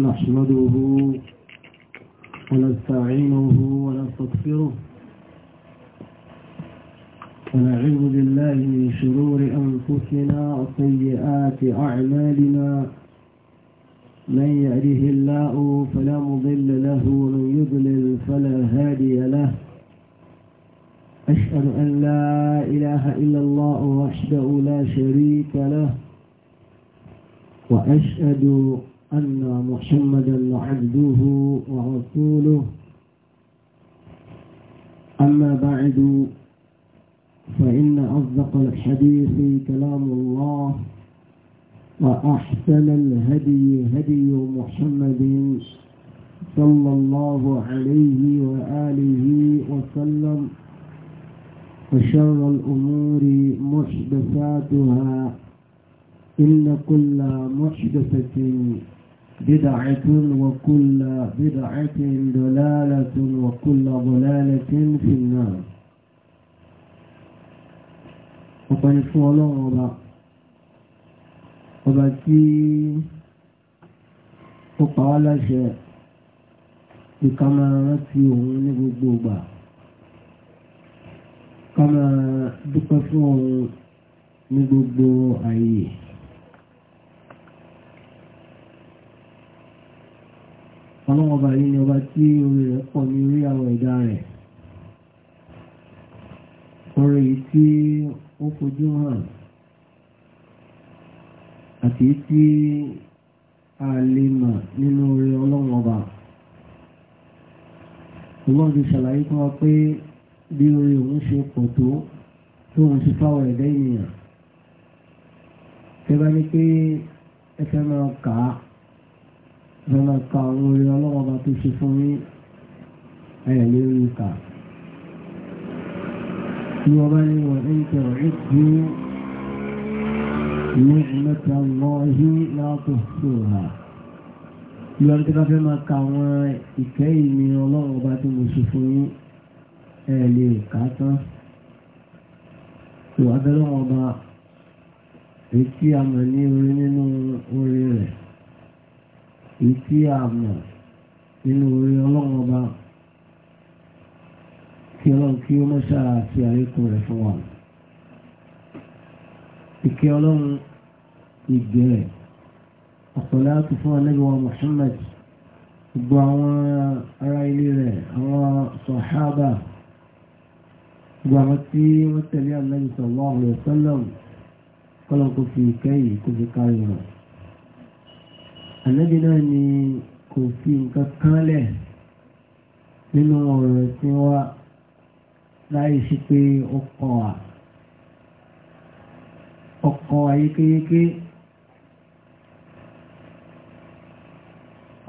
نحمده ونستعينه ونستغفره ونعوذ بالله من شرور أنفسنا وسيئات أعمالنا من يأله الله فلا مضل له ومن يضلل فلا هادي له أشهد أن لا إله إلا الله وحده لا شريك له وأشهد أن محمدا عبده ورسوله أما بعد فإن أصدق الحديث كلام الله وأحسن الهدي هدي محمد صلى الله عليه وآله وسلم وشر الأمور محدثاتها إن كل محدثة بدعة وكل بدعة ضلالة وكل ضلالة في النار ọ̀pọ̀ ni fún ọlọ́run ọba ọba tí ó pa wá láṣẹ ìka rántí òun ní gbogbo ìgbà ká dúpẹ́ fún òun ní gbogbo àyè. ọlọ́wọ́ ọba yìí ni ọba tí orí rẹ̀ pọ̀ ní orí àwọn ẹ̀dá rẹ̀ orí tí ó fojú hàn àti tí a lè mà nínú orí ọlọ́wọ́ ọba ọlọ́run ti ṣàlàyé fún wa pé bí orí òun ṣe pọ̀ tó tó òun ṣe fáwọn ẹ̀dá ènìyàn tẹ́bá ní pé ẹ fẹ́ máa kà ẹ̀rọ ka àwọn orin ọlọ́wọ́ba tó ṣe fún yín ẹ̀yẹ̀ lórí ìka tí wọ́n bá ní wọ́n ń tẹ̀rọ ìkú ní ìmẹ́ta lọ́ọ́hí látò sóra tí wọ́n ti bá fẹ́ máa ka àwọn ìkẹ́ ìní ọlọ́wọ́ba tó mo ṣe fún yín ẹ̀yẹ̀ lè kà tán ìwà fẹ́ èyí tí a mọ̀ ní orin nínú orin rẹ̀ èyí tí a mọ̀ nínú orí ọlọ́run ọba kí ọlọ́run kí ó mọ́ṣá àti àríkù rẹ̀ fún wa. ìkẹ́ ọlọ́run ìgbẹ́ ọ̀pọ̀lá tó fún Ànábì wa Muhammad gbogbo àwọn ará ilé rẹ̀ àwọn sọ̀hábà gbogbo àwọn tí wọ́n tẹ̀lé Ànábì sallallahu alaihi wasallam kọ́lọ́n kò fi ìkẹ́ yìí kò fi kárí rẹ̀ ànábì náà ni kò fi nǹkan kánlẹ̀ nínú ọ̀rọ̀ tí wá láì sí pé ó kọ́ wa ọkọ̀ ayékéyéké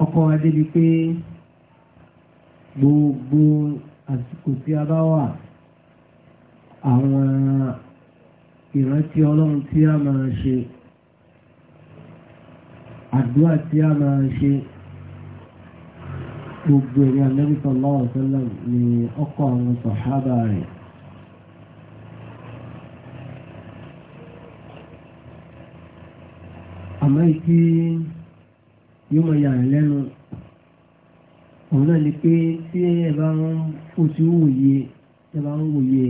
ọkọ̀ adébi pé gbogbo àsìkò tí a bá wà àwọn ìrántí ọlọ́run tí a máa ṣe àdúrà tí a máa ṣe gbogbo ẹ̀yà Ànábì sallallahu alaihi wasallam ni ọkọ̀ àwọn sàhábà rẹ̀ àmọ́ ìkí yóò máa yàrá lẹ́nu òun náà ni pé tí ẹ bá ń oṣù wòye ẹ bá ń wòye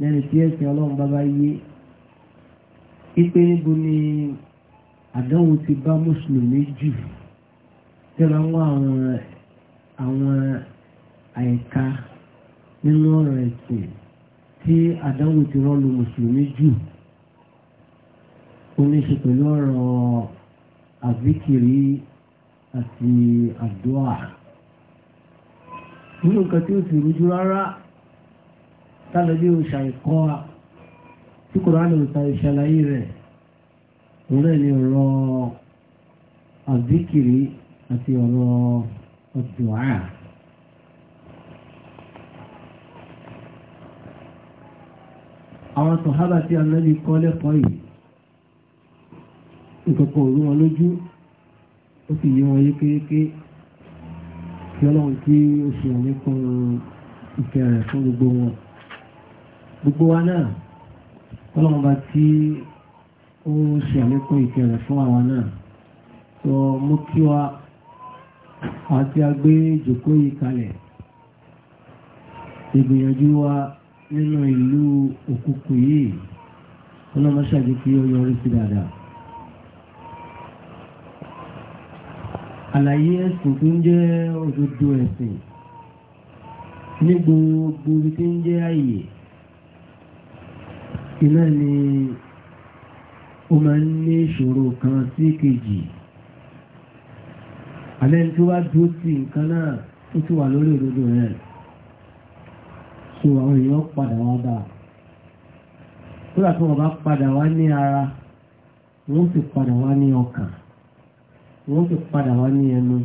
lẹ́nu tí ẹ̀sìn ọlọ́run bá bá yé ipe níbo ni àdánwò ti bá mùsùlùmí jù tẹ́lá wọn àwọn àwọn àyíká nínú ọ̀rọ̀ ẹ̀sìn tí àdánwò ti rọ́lu mùsùlùmí jù ó ní ṣe pẹ̀lú ọ̀rọ̀ àbíkiri àti àdúrà nínú nǹkan tí ó sì rújú rárá o ṣàìkọ́ tí kòránì ò ta ìṣàlàyé rẹ̀ òun náà ni ọ̀rọ̀ àbíkiri àti ọ̀rọ̀ ọ̀dùnà. àwọn sọ̀hábà tí a lẹ́bi kọ́ lẹ́kọ̀ọ́ yìí ìkọ̀kọ̀ òru wọn lójú ó sì yí wọn yékéyéké kí ọlọ́run tí ó ṣe àlékún ìfẹ́ rẹ̀ fún gbogbo wọn gbogbo wa náà ọlọ́run bá tí ó ṣe àlékún ìkẹrẹ̀ fún àwọn náà tó mú kí wá àti agbé ìjòkó yìí kalẹ̀ ìgbìyànjú wa nínú ìlú òkùnkùn yìí ọlọ́mọṣàjẹ́ kí ó yọrí sí dáadáa àlàyé ẹ̀sìn tó ń jẹ́ òdodo ẹ̀sìn ní gbogbo ibi tí ń jẹ́ àyè iná ni ó máa ń ní ìṣòro kan sí kejì alẹ́ tó wá dúró sí nǹkan náà ó ti wà lórí òdodo rẹ̀ so àwọn èèyàn padà wá bá a kódà tí wọ́n bá padà wá ní ara wọ́n sì padà wá ní ọkàn wọ́n sì padà wá ní ẹnu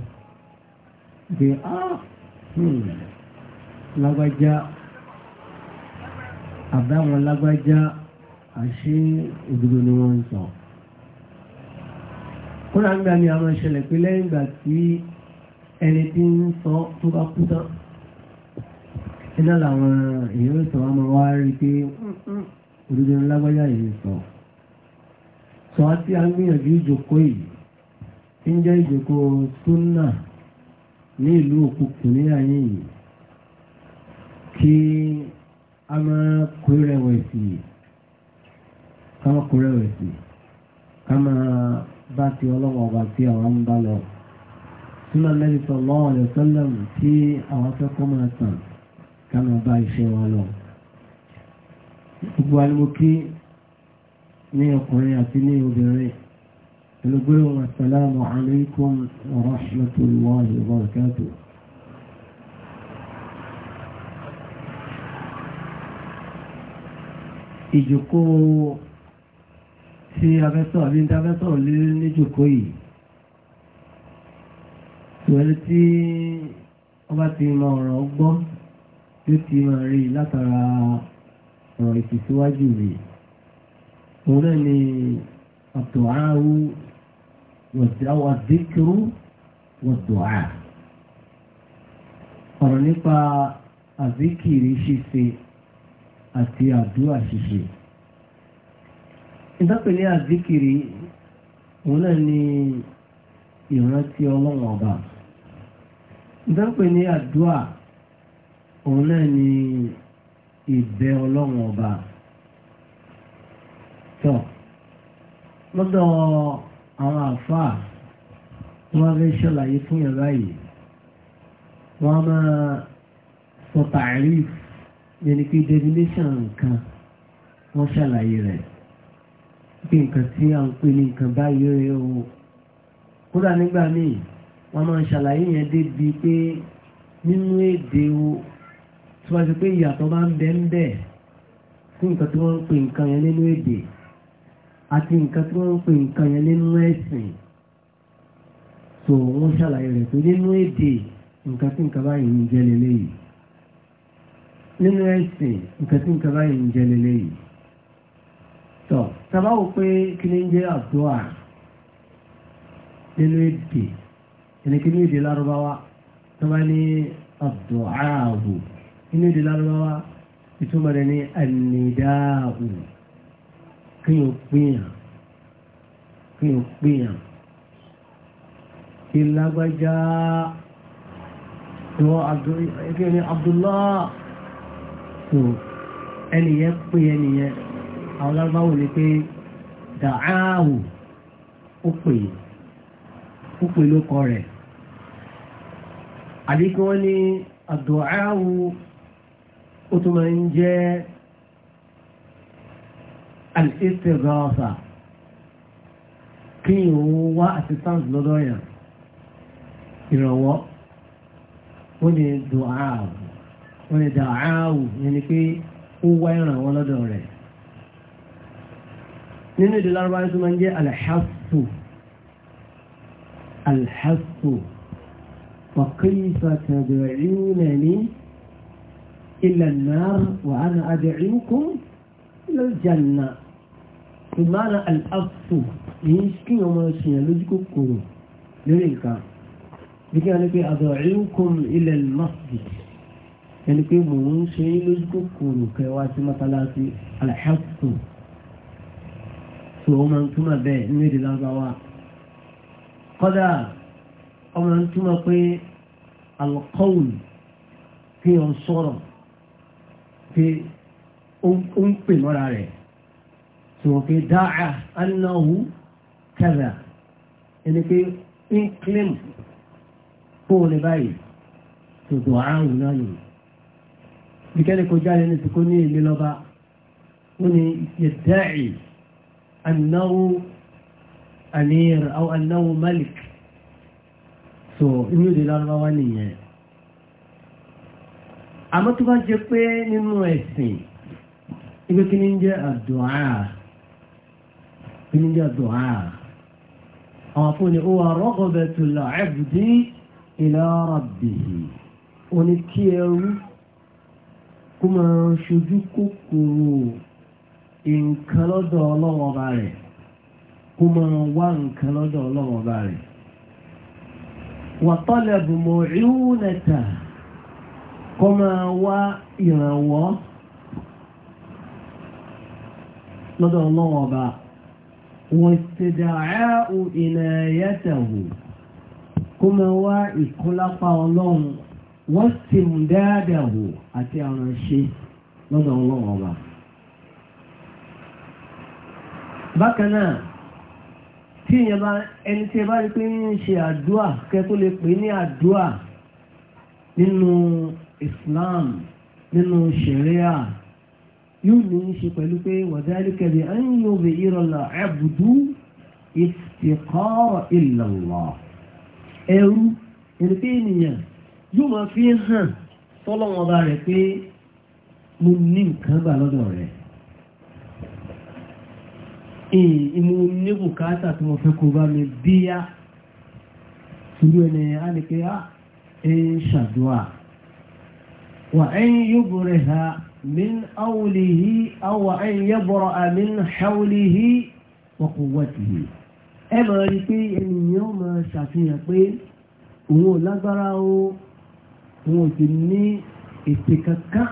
pé ah hmm, lágbájá àbáwọn lágbájá àṣé òdodo ni wọ́n ń sọ. kódà ń gbà ní àwọn ìṣẹ̀lẹ̀ pé lẹ́yìn ìgbà tí ẹni tí ń sọ tó bá kú tán iná làwọn èèyàn sọ ọmọ wa rí pé hmm, hmm, òdodo ńlágbájá yìí sọ. sọ àti agbìyànjú ìjókòó yìí tí ń jẹ́ ìjókòó súnà ní ìlú òkùnkùn ní ayé yìí kí a máa kó rẹwẹ̀sì yìí káwọn kúrẹ́ rẹ̀ sí ká máa bá ti ọlọ́wọ́ ọba tí àwọn ń bá lọ. Súnmọ́ Nabi sallallahu alaihi wasallam tí àwọn akẹ́kọ̀ọ́ máa tàn ká máa bá iṣẹ́ wa lọ. Gbogbo alimu kí ní ọkùnrin àti ní obìnrin ẹlùgbẹ́rẹ̀ wọn assalamu alaikum wa rahmatullahi wa barakatuh. ìjòkó tí abẹ́sọ̀ àbí ní abẹ́sọ̀ lé níjòkó yìí pẹ̀lú tí ọba ti mọ ọ̀rọ̀ gbọ́ tí ó ti máa rí látara ọ̀rọ̀ ìtìsíwájú rẹ̀ òun náà ni àtọ̀háwú wọ̀síáwá díkìrú wọ̀dọ̀á ọ̀rọ̀ nípa àzíkìrì ṣíṣe àti àdúrà ṣíṣe ìdápẹ̀ ní àzíkiri òun náà ni ìrántí ọlọ́run ọba ìdápẹ̀ ní àdúà òun náà ni ìbẹ ọlọ́run ọba tọ́ lọ́dọ̀ àwọn àfáà wọ́n fẹ́ ṣàlàyé fún yàn báyìí wọ́n máa sọ tààrí yẹn pé definition nǹkan wọ́n ṣàlàyé rẹ̀ bí nǹkan tí a ń pè ní nǹkan báyìí rẹ̀ o kódà nígbà míì wọ́n máa ń ṣàlàyé yẹn débi pé nínú èdè o tí wọ́n ti pé ìyàtọ̀ bá ń bẹ ń bẹ fún nǹkan tí wọ́n ń pè nǹkan yẹn nínú èdè àti nǹkan tí wọ́n ń pè nǹkan yẹn nínú ẹ̀sìn so wọ́n ṣàlàyé rẹ̀ pé nínú èdè nǹkan tí nǹkan báyìí ń jẹ́ lélẹ́yìí nínú ẹ̀sìn nǹkan tí nǹkan báyìí ń jẹ́ lélẹ́yìí tọ́ sábàwò pé kí ni ń jẹ́ àdúrà nínú èdè ẹni kí ni èdè lárúbáwá tó bá ní àdúrà ààbò nínú èdè lárúbáwá ìtumọ̀ rẹ̀ ní ànídáàbò kí ni ó kí ni ó pínyàn ìlágbájá ìwọ ẹgbẹ́ ni Abdullah ẹnìyẹn pé ẹnìyẹn. àwọn lárúbáwò ni pé dàáhù ó pè ló kọ rẹ̀ àdíkù wọn ni ó tún máa ń jẹ́ kí ìhun wá assistance lọ́dọ̀ ìrànwọ́ ó ni dùáhù yẹn ni pé ó wá ìrànwọ́ lọ́dọ̀ rẹ̀. nínú èdè lárúbáyé tó máa ń jẹ́ alhassu alhassu wa kayfa tad'unani ila an-nar wa ana ad'ukum ila al-janna ìmára alhassu èyí kí ọmọ ṣìyàn lójú kòkòrò lórí nǹkan bí kí wọ́n ní pé ad'ukum ila al ẹni pé mò ń ṣe lójú kòkòrò kẹwàá sí mọ́tàlá alhassu tó wọ́n máa ń túmọ̀ bẹ́ẹ̀ nínú èdè lágbàwá kọ́dà ọmọ ń túmọ̀ pé alqawl kí wọ́n sọ̀rọ̀ pé ó ń pè mọ́ra rẹ̀ tí wọ́n fi dáa annahu kaza ẹni pé ń claim fóun báyìí tó dùn áhùn náà nìyí bí kẹ́ni kọjá lẹ́nu tí kò ní èmi ó ní yẹ dáì أنه أمير أو أنه ملك so inú ìdè lárúbáwá nìyẹn àmọ́ tó bá jẹ pé nínú ẹ̀sìn ibi kí ní jẹ́ àdùá kí ní jẹ́ àdùá àwọn fún ni ó wà rọ́gọ̀bẹ̀ tó lọ ẹ̀bùdí ila rabbihi ó ní kí ẹrú kó máa ṣojú kòkòrò nǹkan lọ́dọ̀ ọlọ́wọ́ ọba rẹ̀ kó máa wá nǹkan lọ́dọ̀ ọlọ́wọ́ ọba rẹ̀ wàtọ́lẹ̀ bùmọ̀ ìwúnẹ̀tà kó máa wá ìrànwọ́ lọ́dọ̀ ọlọ́wọ́ ọba wọ̀tẹ̀dàá ìnàyẹ́tẹ̀wò kó máa wá ìkúlápá ọlọ́run wọ́n sì mú dáadáa wò àti àránṣe lọ́dọ̀ ọlọ́wọ́ ọba bákan náà tí ìyẹn bá ẹni tí ẹ bá rí pé ń ṣe àdúà kẹ tó lè pè ní àdúà nínú Islam nínú ṣẹ̀ríà yóò ní í ṣe pẹ̀lú pé wàdálíkà bí an yubira al-abdu istiqara illa Allah ẹrú ẹni pé ènìyàn yóò máa fi hàn tọ́lọ́wọ́n bá rẹ̀ pé mo ní nǹkan gbà lọ́dọ̀ rẹ̀ ìmú eh, ní bùkátà tí wọ́n fẹ́ kó bá mi bíyá ṣúgbọ́ ẹni a lè pé á ah, ń ṣàdúwà wà ń yúbùrẹ̀ ha min áwùlìhí àwà ń yẹ́bọ̀rọ̀ àmín ṣáwùlìhí wọ́kùnwọ́tìhí ẹ mọ̀ rí pé ènìyàn mọ̀ ṣàfihàn pé òun ò lágbára o òun ò sì ní ètè kankan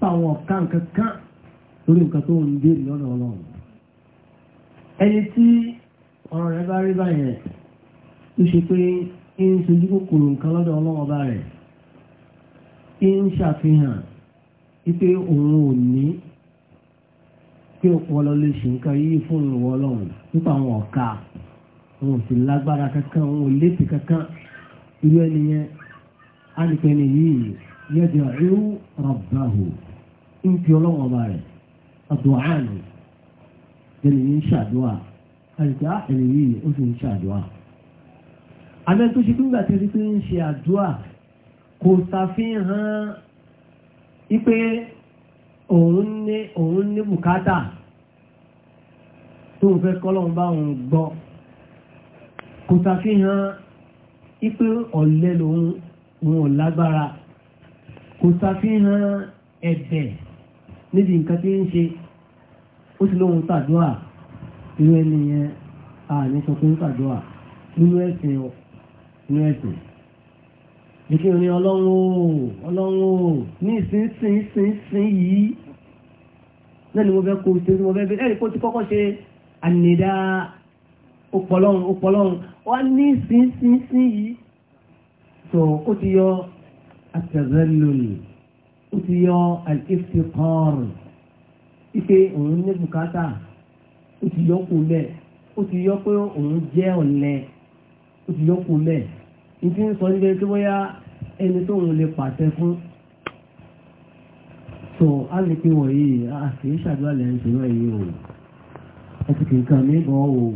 pàwọn kankan lórí nǹkan tó ń béèrè lọ́dọ̀ ọlọ́run ẹni tí ọ̀rọ̀ rẹ̀ bá rí báyẹ̀ tó ṣe pé ń sojú kòkòrò nǹkan lọ́dọ̀ ọlọ́wọ́ bá rẹ̀ ń ṣàfihàn wípé òun ò ní pé ọpọlọ lè ṣe nǹkan fún ìwọ ọlọ́run nípa àwọn ọ̀ka sì lágbára kankan ò kankan irú ẹni yẹn ẹni yìí ń ṣàdúrà àyíká ah, ẹni yìí ó sì ń ṣàdúrà abẹ́ tó ṣe nígbà tí ó ti pé ń ṣe àdúrà kò ṣàfihàn wípé òun ní òun ní bùkátà tó ń fẹ́ kọ́lọ́run bá òun gbọ́ kò ṣàfihàn wípé ọ̀lẹ lòun òun lágbára kò ṣàfihàn ẹ̀bẹ̀ níbi nǹkan tí ń ṣe ó ti lóhun tàdúà irú ẹni yẹn a ní sọ pé ń tàdúà nínú ẹ̀sìn o nínú ẹ̀sìn ìkí ni ọlọ́run o ọlọ́run o ní ìsinsìnyìí yìí lẹ́nu mo fẹ́ kó ṣe mo fẹ́ bẹ́ẹ̀ kó ti kọ́kọ́ ṣe ànìdá ọpọlọ́run ọpọlọ́run wá ní ìsinsìnyìí tó ó ti yọ àtẹ̀zẹ́lùlù ó ti yọ àìkífẹ́ kọ́ọ̀rù ipe òun ní bùkátà ó ti yọ kó lẹ̀ ó ti yọ pé òun jẹ́ ọ̀lẹ ó ti yọ kó lẹ̀ ìdí ń sọ níbẹ̀ pé bóyá ẹni tó òun lè pàṣẹ fún tó á lè pé wọ̀nyí àti ìṣàdúrà lẹ́yìn tó náà yìí o ẹ ti kìí kan níbọ̀ o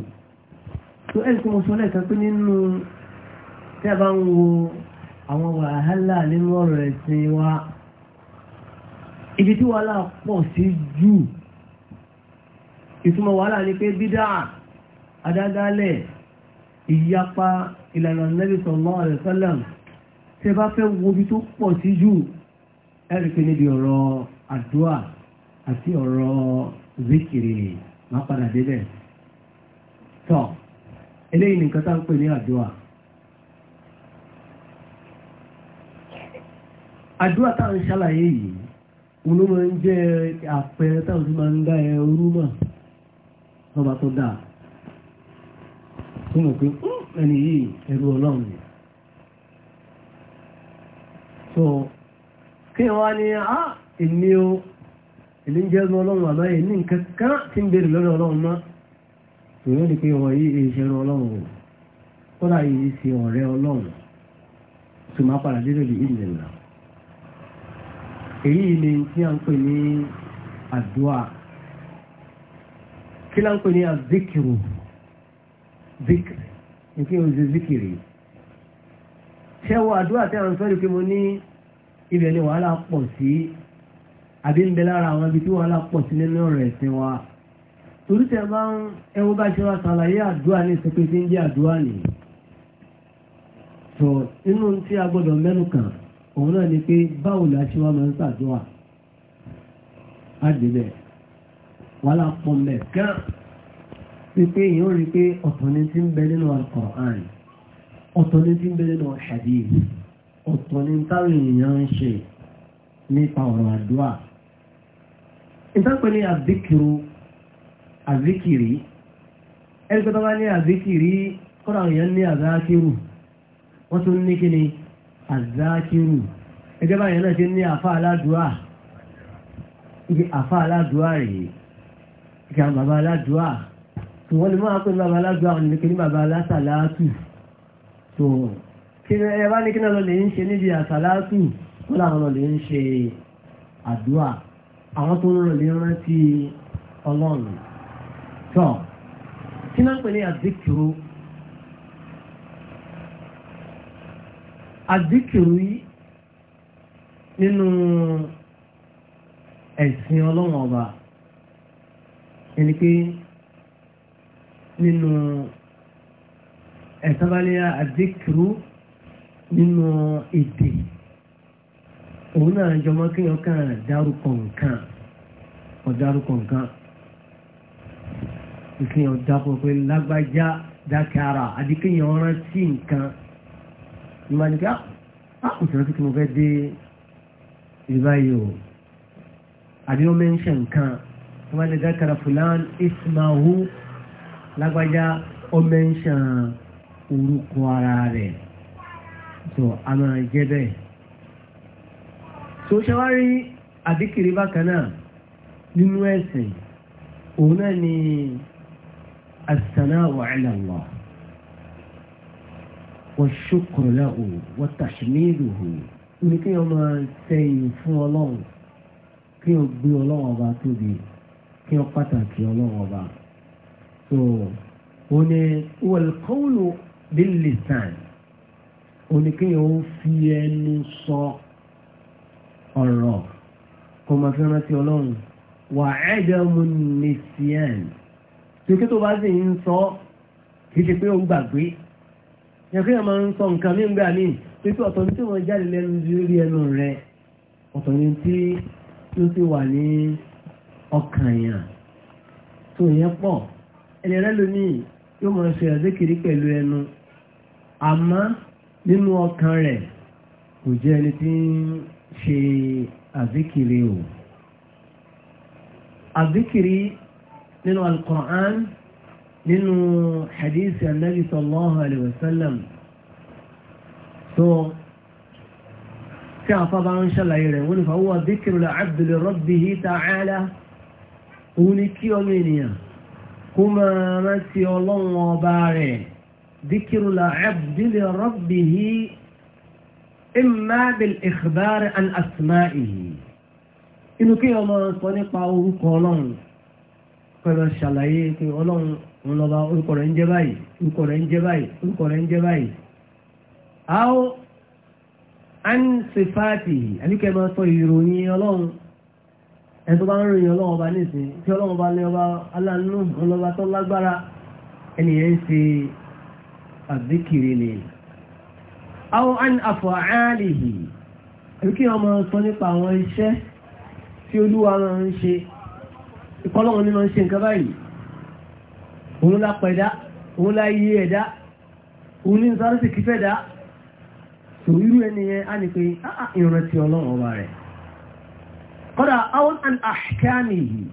tó ẹ̀ kó mo sọ lẹ́ẹ̀kan pé nínú tẹ́ bá ń wo àwọn wàhálà nínú ọ̀rọ̀ ẹ̀sìn wa ibi tí wàhálà pọ̀ sí jù ìtumọ̀ wàhálà ni pé bídà àdádálẹ̀ ìyapa ìlànà Nabi sallallahu alaihi wasallam tẹ bá fẹ́ wo tó pọ̀ sí jù ẹ̀rì níbi ọ̀rọ̀ àdúà àti ọ̀rọ̀ zikiri má padà débẹ̀ tọ́ eléyìí nìkan tá ń pè ní àdúà. àdúà táwọn ṣàlàyé yìí òun ló máa ń jẹ́ àpẹẹrẹ táwọn tí máa ń dá ẹ rúmọ̀ lọ́ba tó dáa tó mọ̀ ẹni yìí ẹrú ọlọ́run ni so kí wá ní á ìní o ìní jẹ́ ẹrú ọlọ́run àbá yìí ní nǹkan kan tí ń béèrè lọ́dọ̀ ọlọ́run mọ́ ìwé ni pé ọmọ yìí èyí ṣe ẹrú ọlọ́run o yìí ṣe ọ̀rẹ́ ọlọ́run tó máa padà dé lórí ìdílé náà èyí ni tí a ń pè ní àdúà kí la ń pè ní àzíkìrù zíkìrì nǹkan yóò ṣe zíkìrì ṣẹ́wọ́ àdúà tí a ń sọ́rí pé mo ní ibẹ̀ ni wàhálà pọ̀ sí àbí ń bẹ lára àwọn ibi tí wàhálà pọ̀ sí nínú ọ̀rọ̀ ẹ̀sìn wa torí tẹ bá ń ẹwọ bá ṣe wá ṣàlàyé àdúà ní ìsọpẹ́ ń jẹ́ àdúà nìyí tó inú tí a gbọ́dọ̀ mẹ́nu kàn òun náà ni pé báwo la ṣe wá máa ń ṣàdúrà àdìbẹ̀ wàhálà pọ̀ mẹ́ gán wípé èèyàn rí pé ọ̀tọ̀ ni ti ń bẹ nínú Al-Qur'an ọ̀tọ̀ ni ti ń bẹ nínú hadith ọ̀tọ̀ ni táwọn èèyàn ń ṣe nípa ọ̀rọ̀ àdúrà ìtàpẹ́ ní àbíkìrú àbíkìrí ẹgbẹ́ tó bá ní àbíkìrí kọ́ra èèyàn ní àbákìrú wọ́n tún ní kí ni azákírù ẹgẹ́ báyìí náà ṣe ní àfá aládùá ibi àfá aládùá rèé kí àwọn bàbá aládùá tó wọ́n lè máa pè ní bàbá aládùá wọn ní kíní bàbá alásàlátù tó kí ni ẹ bá ní kíní lọ́lẹ̀ ń ṣe níbi àsàlátù wọ́n làwọn lọ́lẹ̀ ń ṣe àdúà àwọn tó ń lọ́lẹ̀ rántí ọlọ́run tó kí náà pè ní àdíkìrú àdíkìrú yìí nínú ẹ̀sìn ọlọ́run ọba ẹni pé nínú ẹ̀sábálẹ́yà àdíkìrú nínú èdè òun náà jọmọ́ kí wọ́n kàn dárúkọ nǹkan ọ̀dárúkọ nǹkan ìkíyàn dápọ̀ pé lágbájá dákàrà àdíkìyàn rántí nǹkan ìmọ̀ ni ah, ah, pé àkùn tí wọ́n fi kí mo fẹ́ dé ìbá yìí o àbí wọ́n mẹ́ńṣẹ̀ nǹkan wọ́n máa lè dákàrà fúlàn ismahu lágbájá ó mẹ́ńṣẹ̀ orúkọ ara rẹ̀ tó a máa jẹ́ bẹ́ẹ̀. tó ṣàwárí àdíkiri bákan náà nínú ẹ̀sìn òun náà ni as-sana'u 'ala والشكر له وتحميده ní kí wọ́n máa sẹ́yìn fún ọlọ́run kí wọ́n gbé ọlọ́run ọba tóbi kí wọ́n pàtàkì ọlọ́run ọba so ó ní wọ̀lkọ́wùlù bílísàn ó ní kí wọ́n fi ẹnu sọ ọ̀rọ̀ kó máa fi rántí ọlọ́run wà ẹ́dẹ̀mú nìsíàn tó kí tó bá sì ń sọ kì í ṣe pé ó ń gbàgbé yẹ̀kúnyà máa ń sọ nǹkan mí gbà mí pípé ọ̀tọ̀ ní tí wọ́n jáde lẹ́nu rí ẹnu rẹ̀ ọ̀tọ̀ ní tí ló ti wà ní ọkàn yàn tó yẹ pọ̀ ẹni rẹ̀ lómi yóò máa ṣe àzékiri pẹ̀lú ẹnu àmọ́ nínú ọkàn rẹ̀ kò jẹ́ ẹni tí ń ṣe àzékiri o àzékiri nínú al nínú hadithi annabi sallallahu alaihi wasallam tó tí a fọ́ bá ń ṣàlàyé rẹ̀ wọ́n ni fa huwa dhikru al-'abdi li rabbihi ta'ala òun ni kí ọmọ ènìyàn kó máa rántí ọlọ́run ọba rẹ̀ dhikru al-'abdi li rabbihi imma bil-ikhbar an asma'ihi inú kí ọmọ sọ nípa orúkọ ọlọ́run pẹ̀lú ṣàlàyé pé ọlọ́run òun lọ́ba orúkọ rẹ̀ ń jẹ́ báyìí orúkọ rẹ̀ ń jẹ́ báyìí orúkọ rẹ̀ ń jẹ́ báyìí. àó ansifaati àbíkẹ́ máa sọ ìròyìn ọlọ́run ẹni tó bá ń ròyìn ọlọ́run ọba nísìnyí tí ọlọ́run ọba lé ọba aláàánú ọlọ́ba tó lágbára ẹnìyẹn ń ṣe àbíkiri ni. àó an af'alihi àbíkẹ́ máa sọ nípa àwọn iṣẹ́ tí olúwa máa ń ṣe ìkọlọ́run ni máa ń ṣe nǹkan báyìí òun lápá ẹ̀dá òun láyé ẹ̀dá òun ní sáré sì kífẹ́ dá tò irú ẹni yẹn á ní pé ah, ah, ìrántí ọlọ́run ọba rẹ̀ kọ́dà àwọn àṣìkáàmì yìí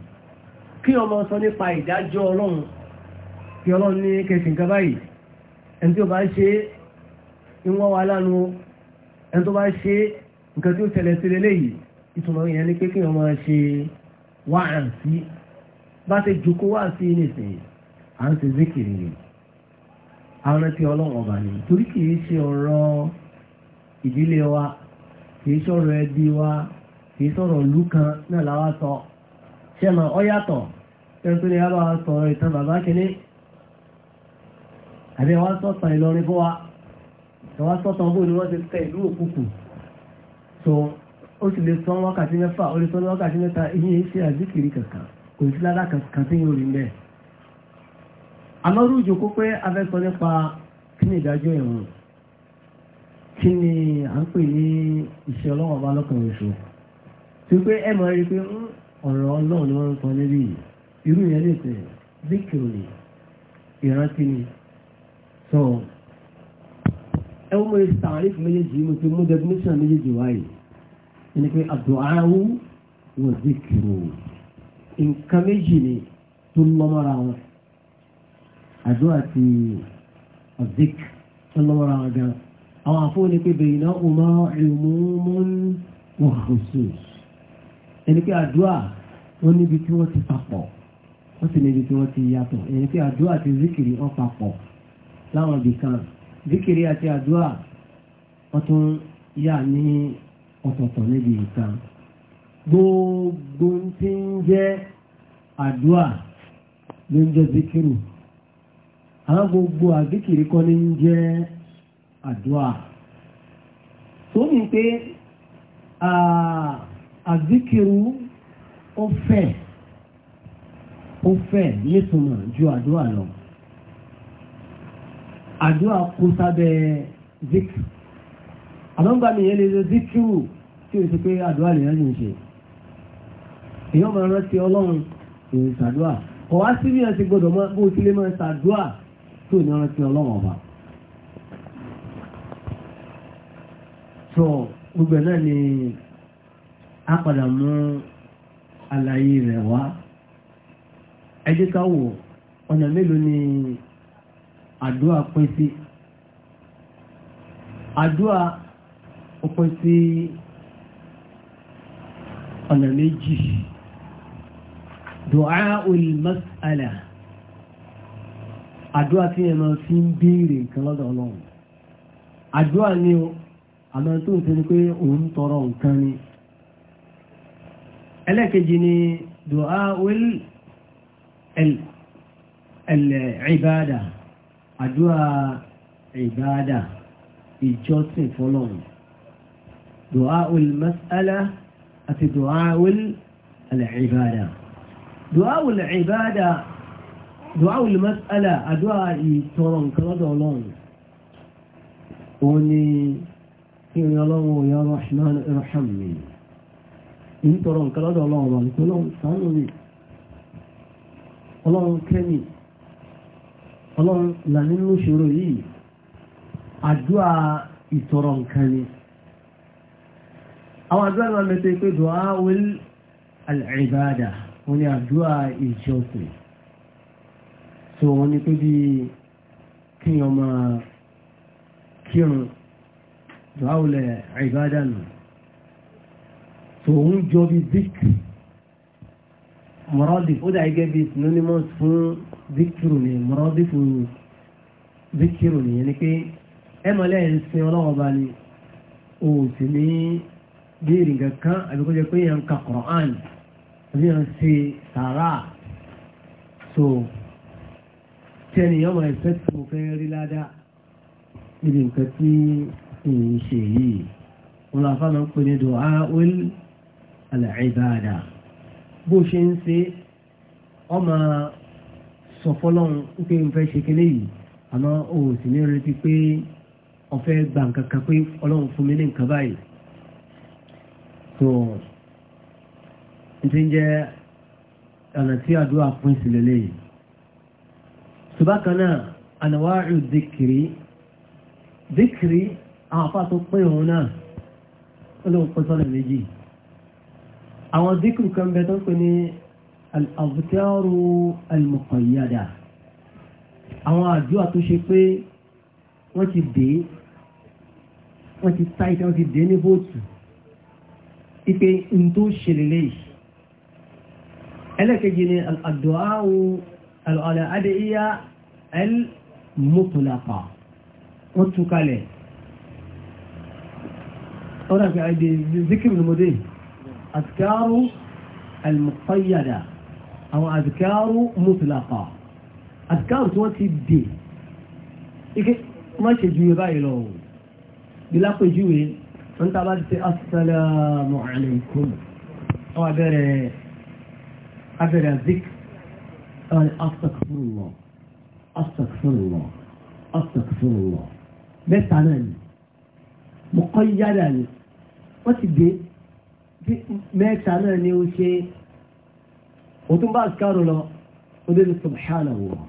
kí ọmọ sọ nípa ìdájọ́ ọlọ́run kí ọlọ́run ní kẹsì nǹkan báyìí ẹni tí ó bá ṣe ìwọ́n wa tó bá ṣe nǹkan tí ó tẹ̀lẹ̀ sí lélẹ́yìí ìtumọ̀ ìyẹn ni pé kí ọmọ ṣe wáhàn sí bá ṣe jòkó wá sí nísìnyí à ń ṣe zikiri yìí arántí ọlọ́run ọba ni torí kì í ṣe ọ̀rọ̀ ìdílé wa kì í ṣọ̀rọ̀ ẹbí wa kì í ṣọ̀rọ̀ ìlú kan náà làwa sọ ṣé mà ọ yàtọ̀ ṣé tó lè yá bá sọ ìtàn bàbá kìíní àbí wọ́n sọ̀tàn Ìlọrin fún wa wọ́n sọ̀tàn bó ni wọ́n ti tẹ ìlú òkùnkùn so ó sì lè sọ wákàtí mẹ́fà ó lè sọ wákàtí mẹ́ta ìyẹn ṣe àzíkiri kankan kò sí ládàá kankan tí yóò rí mẹ́ẹ̀ àmọ́rú ìjòkó pé afẹ́sọ nípa kí ni ìdájọ́ ìrùn kí ni à ń pè ní iṣẹ́ ọlọ́wọ́ bá lọ́kùnrin oṣù tí pé ẹ mọ̀ rí pé hmm, ọ̀rọ̀ ọlọ́run ni wọ́n ń sọ níbí irú yẹn lè tẹ̀ zikiri ni ìrántí ni sọ ẹ wọ́n mọ̀ ní sàárìfù méjèèjì mo ti mú definition méjèèjì wáyé ẹni pé àdùnàáwù wọ̀ zikiri nǹkan méjì ni tó lọ́mọ́ra wọn àdúrà àti ọ̀zik ọlọ́wọ́ra wọn gan. àwọn àfọwọ́ ni pé bẹ̀yìn náà ọmọ ìmúmún wọ̀hùsù ẹni pé àdúrà wọn níbi tí wọ́n ti papọ̀ wọ́n sì níbi tí wọ́n ti yàtọ̀ ẹni pé àdúrà àti zikiri wọn papọ̀ láwọn ibì kan zikiri àti àdúrà wọ́n tún yà ní ọ̀tọ̀ọ̀tọ̀ níbi ìkan gbogbo tí ń jẹ́ àdúrà ló ń jẹ́ zikiru àwọn gbogbo àgbékèrè kọ́ ní jẹ́ àdúrà tó ní pé àgbékèrè ó fẹ́ ó fẹ́ nítumọ̀ ju àdúrà lọ àdúrà kó sábẹ́ zikiru àmọ́ gbà mí yẹn lè lo zikiru tí o ti pé àdúrà lè yẹn ń ṣe èèyàn máa rántí ọlọ́run èèyàn ṣàdúrà sí bí wọ́n ti gbọ́dọ̀ bó tilẹ̀ máa ṣàdúrà tí ò ní rántí ọlọ́wọ̀n ọba. so gbogbo náà ni a padà mú àlàyé rẹ̀ wá ẹ jẹ́ ká wò ọ̀nà mélòó ni àdúrà pín sí àdúrà pín sí ọ̀nà méjì dùá ul mas'ala àdúrà tí ẹ máa fi ń béèrè nǹkan lọ́dọ̀ ọlọ́run àdúrà ni o àmọ́ tó ń ṣe ni pé òun tọrọ nǹkan ni ẹlẹ́kejì ni dùá wíl ẹ̀lẹ̀ ìbáadà àdúrà ìbáadà ìjọsìn fọlọ́run dùá wíl mẹ́sàlá àti dùá wíl ẹ̀lẹ̀ ìbáadà dùá wíl ìbáadà dùá olùmọ́sálà àdúrà ìtọrọ nǹkan lọ́dọ̀ ọlọ́run òun ni kí ni ọlọ́run òyà rahman irham mi ìtọrọ nǹkan lọ́dọ̀ ọlọ́run ọ̀rọ̀ nípa ọlọ́run ṣàánú mi ọlọ́run kẹ́mi ọlọ́run là nínú ìṣòro yìí àdúrà ìtọrọ nǹkan ni àwọn àdúrà náà mẹ́tẹ́ pé dùá wíl al-ibada òun ni àdúrà ìjọsìn tí wọ́n ní pé bí kí wọ́n máa kírun dùháwùlẹ̀ ìbádànù tó ń jọ bí díkì mọ́rọ́dì ó dà gẹ́gẹ́ bí synonymous fún díkìrù ní mọ́rọ́dì fún díkìrù ní yẹn ni pé ẹ mọ̀lẹ́ ń sin ọlọ́wọ́ bá ní o sì ní béèrè kankan àbíkọ́jọ́ pé yẹn ń ka Kùránì àbí yẹn ń ṣe sàrà so tí ẹnìyàn máa ẹ̀fẹ́ tí mo fẹ́ rí ládàá níbi nǹkan tí èyí ṣe yìí wọn lọ fáwọn pè ní dùn áwìl àlàìbáàdà bó ṣe ń ṣe ọmọ sọ fọlọ́run pé n fẹ́ ṣe kélé yìí àmọ́ o sì ní retí pé ọ̀fẹ́ gbà nǹkan kan pé ọlọ́run fún mi ní nǹkan báyìí tó n ti ń jẹ́ ọ̀nà tí àdúrà pín sílẹ̀ lẹ́yìn ṣùgbọ́n náà ànàwáàrù zikiri zikiri àwọn afá tó pé òun náà ó ló ń pín sọ́nà méjì àwọn zikiri kan bẹ tó pé ní al-azkaru al-muqayyada àwọn àdúrà tó ṣe pé wọ́n ti dé wọ́n ti tá ìtẹ́ ti dé ní bóòtù ipe n tó ṣẹlẹ̀ lẹ́yìn ẹlẹ́kẹ̀jì ni àdúrà àdéhìyà al-mutlaqa wọ́n tú kalẹ̀ ọ̀rọ̀ àti àìdè zikir lomode azkaru al-muqayyada àwọn azkaru mutlaqa azkaru tí wọ́n ti dè ike má ṣe ju báyìí lọ bí lápèjúwe ń tàbá ti ṣe assalamu alaikum ọ abẹ́rẹ́ abẹ́rẹ́ zik أستغفر الله astaghfirullah astaghfirullah mẹ́ta náà ni mo kọ́ yára ni wọ́n ti dé mẹ́ta náà ni ó ṣe o tún bá àṣìkárò lọ o dé ní subhanallah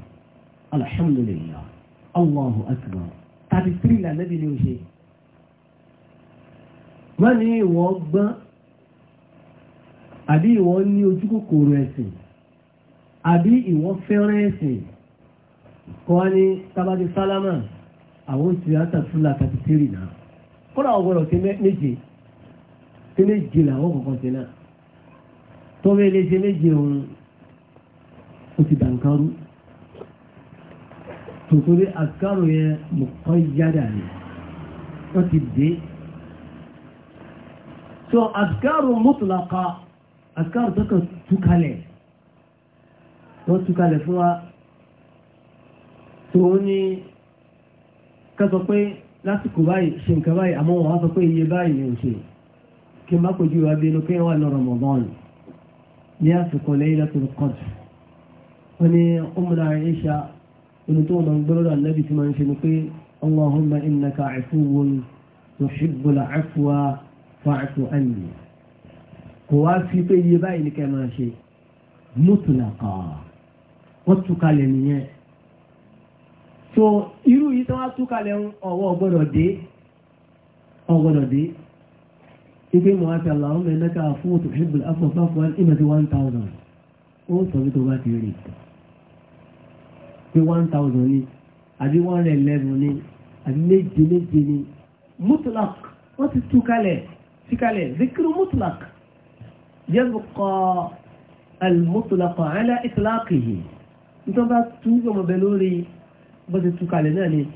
alhamdulillah allahu akbar tàbí tírì lànàbí ni ó ṣe wọ́n ní ìwọ gbọ́n àbí ìwọ ní ojú ẹ̀sìn àbí ìwọ fẹ́ràn ẹ̀sìn wọ́n ní tábàdì sálámà àwọn oṣù àtàtúlà tàbí tìrì náà kọ́nà àwọn gbọ́dọ̀ ṣe méje ṣe méje làwọn kọ̀ọ̀kan ṣe náà tọ́wọ́ ilé ṣe méje òun ó ti dànkarú tòtòrí àkàrò yẹn mọ̀kọ́ yára rẹ̀ wọ́n ti dé so àkàrò mọ́tòláka àkàrò tó kàn túkalẹ̀ wọ́n túkalẹ̀ fún wa. tòun ní ká sọ pé lásìkò báyìí ṣe nǹkan báyìí àmọ́ wọn á sọ pé iye báyìí ni ò ṣe kí n má kojú wa bí inú pé wà ní Ramadan ní àsìkò Laylatul Qadr wọn ní ọmọdé Aisha inú tó wọn gbọ́dọ̀ ànábì tí máa ń ṣe ni pé Allahumma afwa fa'fu anni kò wá fi pé iye báyìí ni kẹ́ máa ṣe mutlaqa wọ́n túkalẹ̀ nìyẹn. so irú yìí tó wá túkalẹ̀ ọwọ́ ọgbọ́dọ̀ dé ọgbọ́dọ̀ dé ipé mọ̀ àti aláwọ̀ mẹ́lẹ́ka fún òtò ṣẹ́gbẹ̀lẹ̀ afọ́fáfọ́ ìmẹ̀tí 1000 ó sọ bí tó bá ti rí pé 1000 ni àbí 111 ni àbí méje méje ni mutlak wọ́n bó ti tú kalẹ̀ náà ni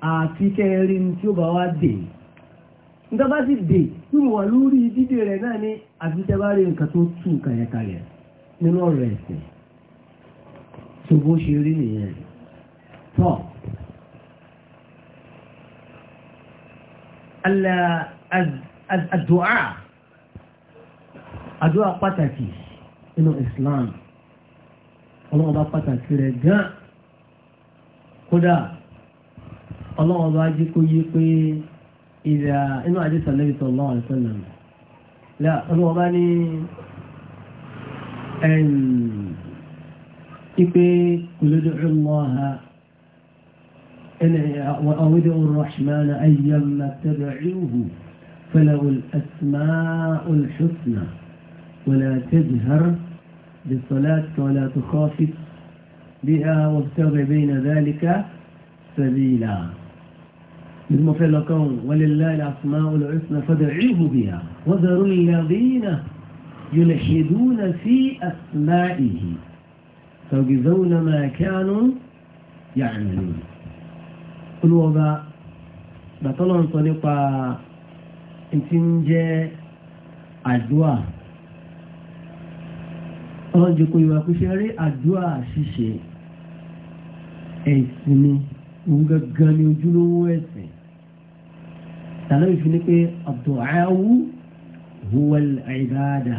àti kẹrí tí ó bá wá dè nígbà bá ti dè tí wà lórí dídè rẹ̀ náà ni àti tẹ́ bá rí nǹkan tó tú nǹkan yẹn kalẹ̀ nínú ọ̀rọ̀ ẹ̀sìn tó bó ṣe rí nìyẹn tọ́ àdúà àdúà pàtàkì nínú Islam ọlọ́run bá pàtàkì rẹ̀ gan-an kódà ọlọ́run bá jí kó yí pé ìrà inú àdìsàn lẹ́bi tó lọ́wọ́ àìsàn náà ọlọ́run bá ní ipe kùlódé ọlọ́ha أودع الرحمن أيما تدعوه فله الأسماء الحسنى ولا تجهر بالصلاة ولا تخافت بها وابتغ بين ذلك سبيلا ثم فلكم ولله الأسماء الحسنى فادعوه بها وذروا الذين يلحدون في أسمائه فيجزون ما كانوا يعملون قل وبا بطلع طريقة انتنجي الدعاء ọlọ́njẹ́ kó ìwà kó ṣe rí àdúrà ṣíṣe ẹ̀sìn ni òun gangan ni ojúlówó ẹ̀sìn tàbí fi ni pé àdùáwù huwal ìbáàdà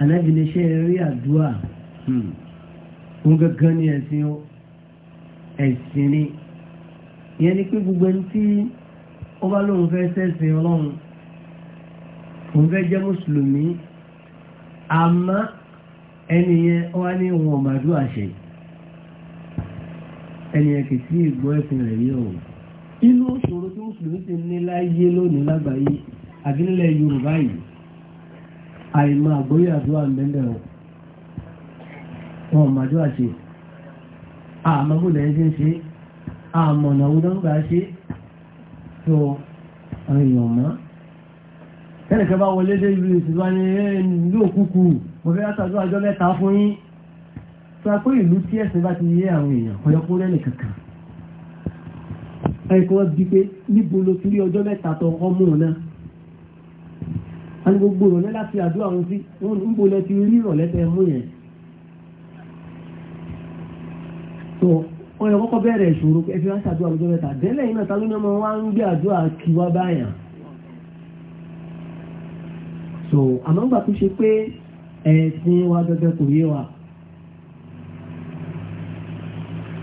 anábì ní ṣe rí àdúà hmm. òun gangan ni ẹ̀sìn ẹ̀sìn ni ìyẹn ni pé gbogbo ẹni tí ó bá lóun fẹ́ sẹ́sìn ọlọ́run òun fẹ́ jẹ́ mùsùlùmí àmọ́ ẹni yẹn wá ní òun ọ̀màdúà ṣe yìí ẹni ẹ̀kì tí ìgbọ́ ẹ̀sìn rẹ̀ yẹ ọ̀ inú òṣòro tí mùsùlùmí ti ní láyé lónìí lágbàáyé àbí nílẹ̀ yorùbá yìí àìmọ̀ àgbóyè àdúrà mẹ́lẹ̀ ọ̀ wọn ò màdúrà ṣe àmọ́ bó lẹ́yìn ṣe ń ṣe àmọ̀ ọ̀nà òun náà gbà ṣe tó èèyàn mọ́ ẹnìkan bá wọlé dé ìlú ìsìnkú wa ní ìlú òkúkú mo fẹ́ látàdúrà ọjọ́ sọ pé ìlú tí ẹ̀sìn bá ti yé àwọn èèyàn ọ̀yọ́kú rẹ̀ nìkankan ẹ̀kọ́ bí pé níbo ló ti rí ọjọ́ mẹ́ta tó ọkọ́ mú náà a ní gbogbo ìrọ̀lẹ́ láti àdúrà wọn sí wọn níbo lẹ ti rí ìrọ̀lẹ́ tẹ mú yẹn tó ọyọ kọ́kọ́ bẹ̀rẹ̀ ìṣòro ẹ wá ṣàdúrà ọjọ́ mẹ́ta dẹ́lẹ̀ iná ta ló ní ọmọ wa ń gbé àdúrà kí wá báyàn so àmọ́ gbà tó ṣe pé ẹ̀sìn wa gẹ́gẹ́ kò yé wa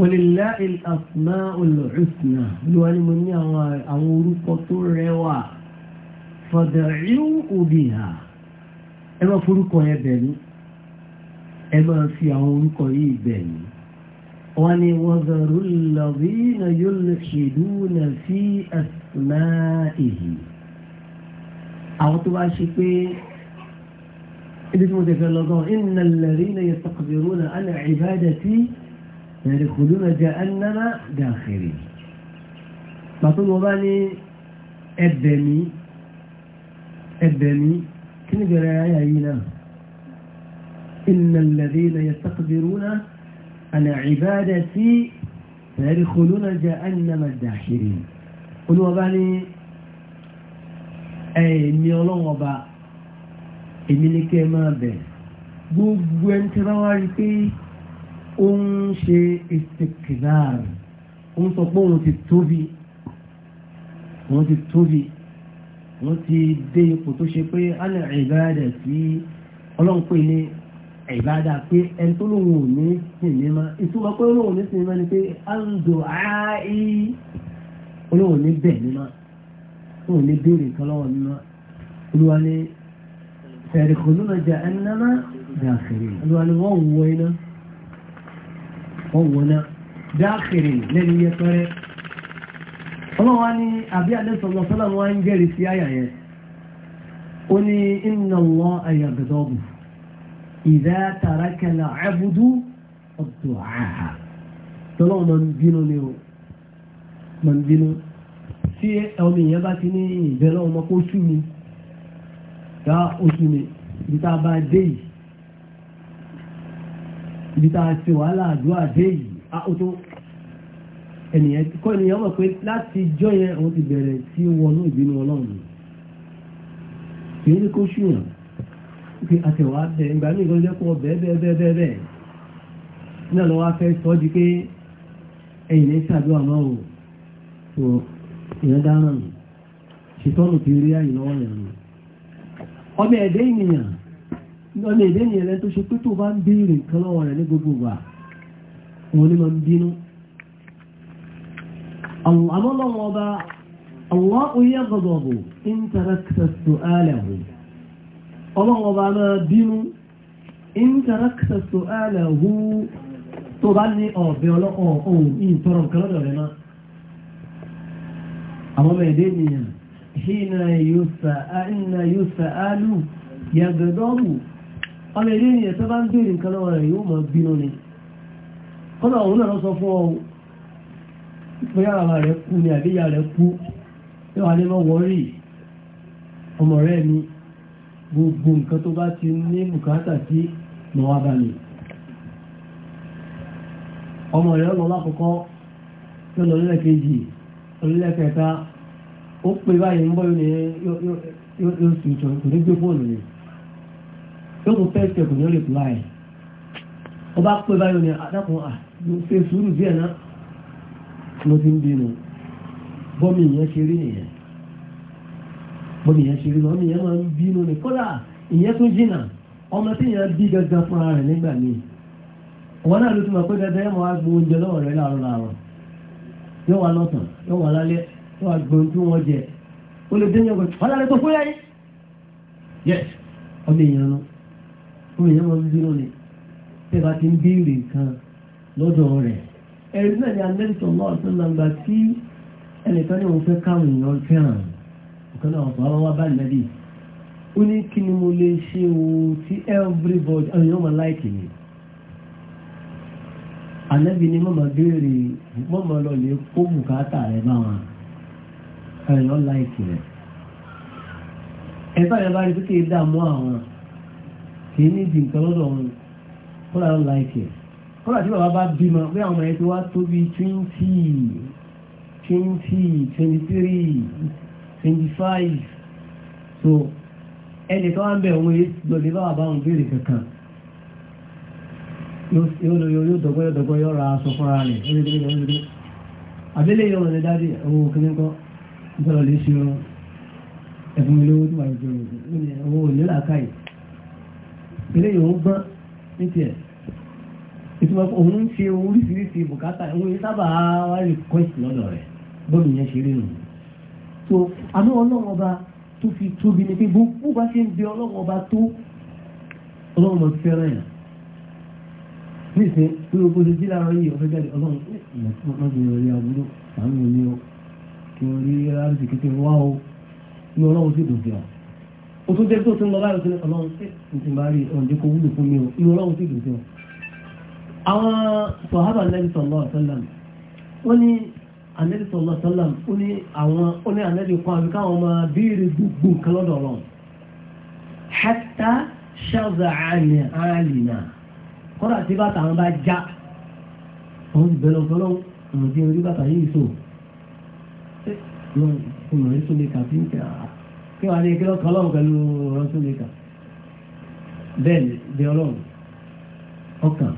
ولله الأسماء الحسنى لوالي مني أمور قطر روا فدعوا بها أما فرقوا يا بني أما في أمورك يا بني وأني وذروا الذين يلحدون في أسمائه أو تباشي إذا متفلقون إن الذين يستقبلون عن عبادتي يدخلون جهنم داخلين pàtó mo bá ní ẹ̀bẹ̀ mi ẹ̀bẹ̀ mi kí ni bẹ̀rẹ̀ ayà yìí náà innal ladhina yastakbiruna an ibadati sayadkhuluna jahannama dakhirin olúwa bá ní ẹ̀mí ọlọ́wọ́ bá èmi ní kẹ́ máa bẹ̀ gbogbo ẹni tí wọ́n wá rí pé ó ń ṣe ìsìnkìláàrì ó ń sọ pé òun ti tóbi òun ti tóbi òun ti dé ipò tó ṣe pé alẹ́ ìbáradà sí ọlọ́run pé ní ìbáradà pé ẹni tó lóun ò ní sinimá ìtumọ̀ pé olóun ò ní sinimá ni pé ando aai olóun ò ní bẹ̀ mímá olóun ò ní béèrè nǹkan lọ́wọ́ mímá olúwa ni fẹ̀rẹ̀kọ̀ ló máa jẹ ẹni náà máa olúwa ni wọ́n wọ iná wọ́n wọ́ná dáàkìrì lẹ́ni yẹpẹrẹ ọlọ́wọ́ ní àbí àdẹ́sọ̀lọ́ sọ́lá wọn ń jẹ́rìí sí àyà yẹn ó ní inna Allaha yagdabu idha taraka al-'abdu ad-du'a tọ́lọ́wọ́ máa ń bínú ni o máa ń bínú tí ọmọ èèyàn bá ti ní ìbẹ̀lọ́ ọmọ kó sú mi dá oṣù mi níta bá dé yìí ibi tá a ti wàhálà àdúrà dé yìí a ó tó ènìyàn kọ́ ènìyàn mọ̀ pé láti jọ yẹn òun ti bẹ̀rẹ̀ sí wọnú ìbínú ọlọ́run kì í ní kó ṣùyàn pé àtẹ̀wá bẹ̀ ìgbà míì kan jẹ́ kó ọ bẹ́ẹ̀ bẹ́ẹ̀ bẹ́ẹ̀ bẹ́ẹ̀ bẹ́ẹ̀ náà lọ́wọ́ afẹ́ sọ di pé ẹ̀yìn ní ṣàdúrà mọ́ o tó ìyẹn dáràn ṣètọ́nù ti rí àyìn lọ́wọ́ ọmọ ẹ̀dẹ́ ènìyàn lọ́lẹ̀ èdè yẹn rẹ tó ṣe pé tó bá ń béèrè nǹkan lọ́wọ́ rẹ̀ ní gbogbo wa òun ni máa ń bínú àmọ́ lọ́wọ́ ọba àwọn oyè gbọ̀gbọ̀gbò ń tara kìtàtù àlẹ́hù ọlọ́wọ́ ọba máa bínú ń tara kìtàtù àlẹ́hù yàgbẹ̀dọ́rù ọmọ èdè ènìyàn tó bá ń na nǹkan lọ́wọ́ rẹ̀ yóò máa bínú ni kọ́nà òun náà lọ sọ fún ọ bóyá bàbá rẹ̀ kú ni àbíyá rẹ̀ kú yóò wá ní mọ́ wọ́rì ọmọ rẹ̀ ni gbogbo nǹkan tó bá ti ní bùkátà wá bá mi ọmọ rẹ̀ lọ tó lọ nílẹ̀ kejì kẹta ó pè báyìí ń bọ́ yóò sì ní yóò tún fẹ́ ṣẹ̀kù ní ó ọ bá pẹ́ báyìí ní àdákùn à ló sùúrù díẹ̀ náà ló ti ń bọ́mì ìyẹn ṣe rí bọ́mì ìyẹn ṣe rí ìyẹn máa ń ní ìyẹn tún jìnà ọmọ tí ìyẹn bí rẹ̀ nígbà míì wọn náà ló ti mọ̀ pé yẹn máa gbọ́ oúnjẹ lọ́wọ́ rẹ̀ láàárọ̀ láàárọ̀ fún èèyàn wọn bínú ni tẹ́ bá ti ń béèrè nǹkan lọ́dọ̀ rẹ̀ ẹ̀rí náà ni anẹ́bìtọ̀ náà tó lágbà tí ẹnìkan ní òun fẹ́ káwọn èèyàn fẹ́ràn ọ̀kan náà ọ̀pọ̀ àwọn wá bá nẹ́bì ó ní kí ni mo lè ṣe ohun tí everybody àwọn èèyàn máa láìkì ni anẹ́bì ni mọ̀mọ́ béèrè mọ̀mọ́ lọ lè kó bùkátà rẹ̀ bá wọn àwọn èèyàn láìkì rẹ̀ ẹ̀fọ́ rẹ̀ bá rí pé kí n dààmú àwọn kì í ní di nǹkan lọ́dọ̀ wọn kọ́lá ló la ìkẹ́ kọ́lá tí bàbá bá bímọ bí àwọn ọmọ yẹn ti wá tóbi twenty twenty twenty three twenty five so ẹnìkan wá ń bẹ̀ òun lọ́dẹ bá wà bá òun béèrè kankan yóò dọ̀gbọ́ yóò dọ̀gbọ́ yóò ra aṣọ fúnra rẹ̀ lórílẹ̀-èdè abẹ́lé yóò rẹ̀ dáadé owó kìíní kan nítorí lè ṣe ẹ̀fún mi lówó tí wà ní ìjọba owó nílà káyìí ilé yòó gbọ́n ní tiẹ̀ ìtumọ̀ òun ń ṣe oríṣiríṣi bùkátà òun yìí sábà wá request lọ́dọ̀ rẹ̀ bọ́ọ̀lù yẹn ṣe rí nù. so àmọ́ ọlọ́run ọba tó fi tóbi ni pé gbogbo bá ṣe ń bẹ ọlọ́run ọba tó ọlọ́run ọba fẹ́ràn yàn nísìn pé gbogbo ṣe jí láàárọ̀ yìí ọ̀fẹ́ jáde ọlọ́run mọ́tò orí àbúrò àánú ni ó kí n rí ráàlì kékeré wá o ní ọlọ́run sì dùn sí ọ o tún jẹ́ tó tún lọ báyìí tún ọlọ́run sí ti bá rí ọ̀dẹ́ kó wúlò fún mi o irú ọlọ́run sì dùn sí ọ. àwọn sọ̀hábà nẹ́bí sọ̀lọ́ ọ̀sọ́làm ó ní ànẹ́bí sọ̀lọ́ ọ̀sọ́làm ó ní àwọn ó ní ànẹ́bí kan àbí káwọn máa béèrè gbogbo nǹkan lọ́dọ̀ ọlọ́run. hẹ́tà ṣáàzà àmì àlìnà kọ́dà tí bàtà àwọn bá já òun ti bẹ̀rẹ̀ ọ̀sọ́lọ́run òun ti rí bàtà yìí sò kí wọ́n ní kílọ̀ kan lọ́wọ́ pẹ̀lú rọ́sùnmíkà bẹ́ẹ̀ ni bí ọlọ́run ọkàn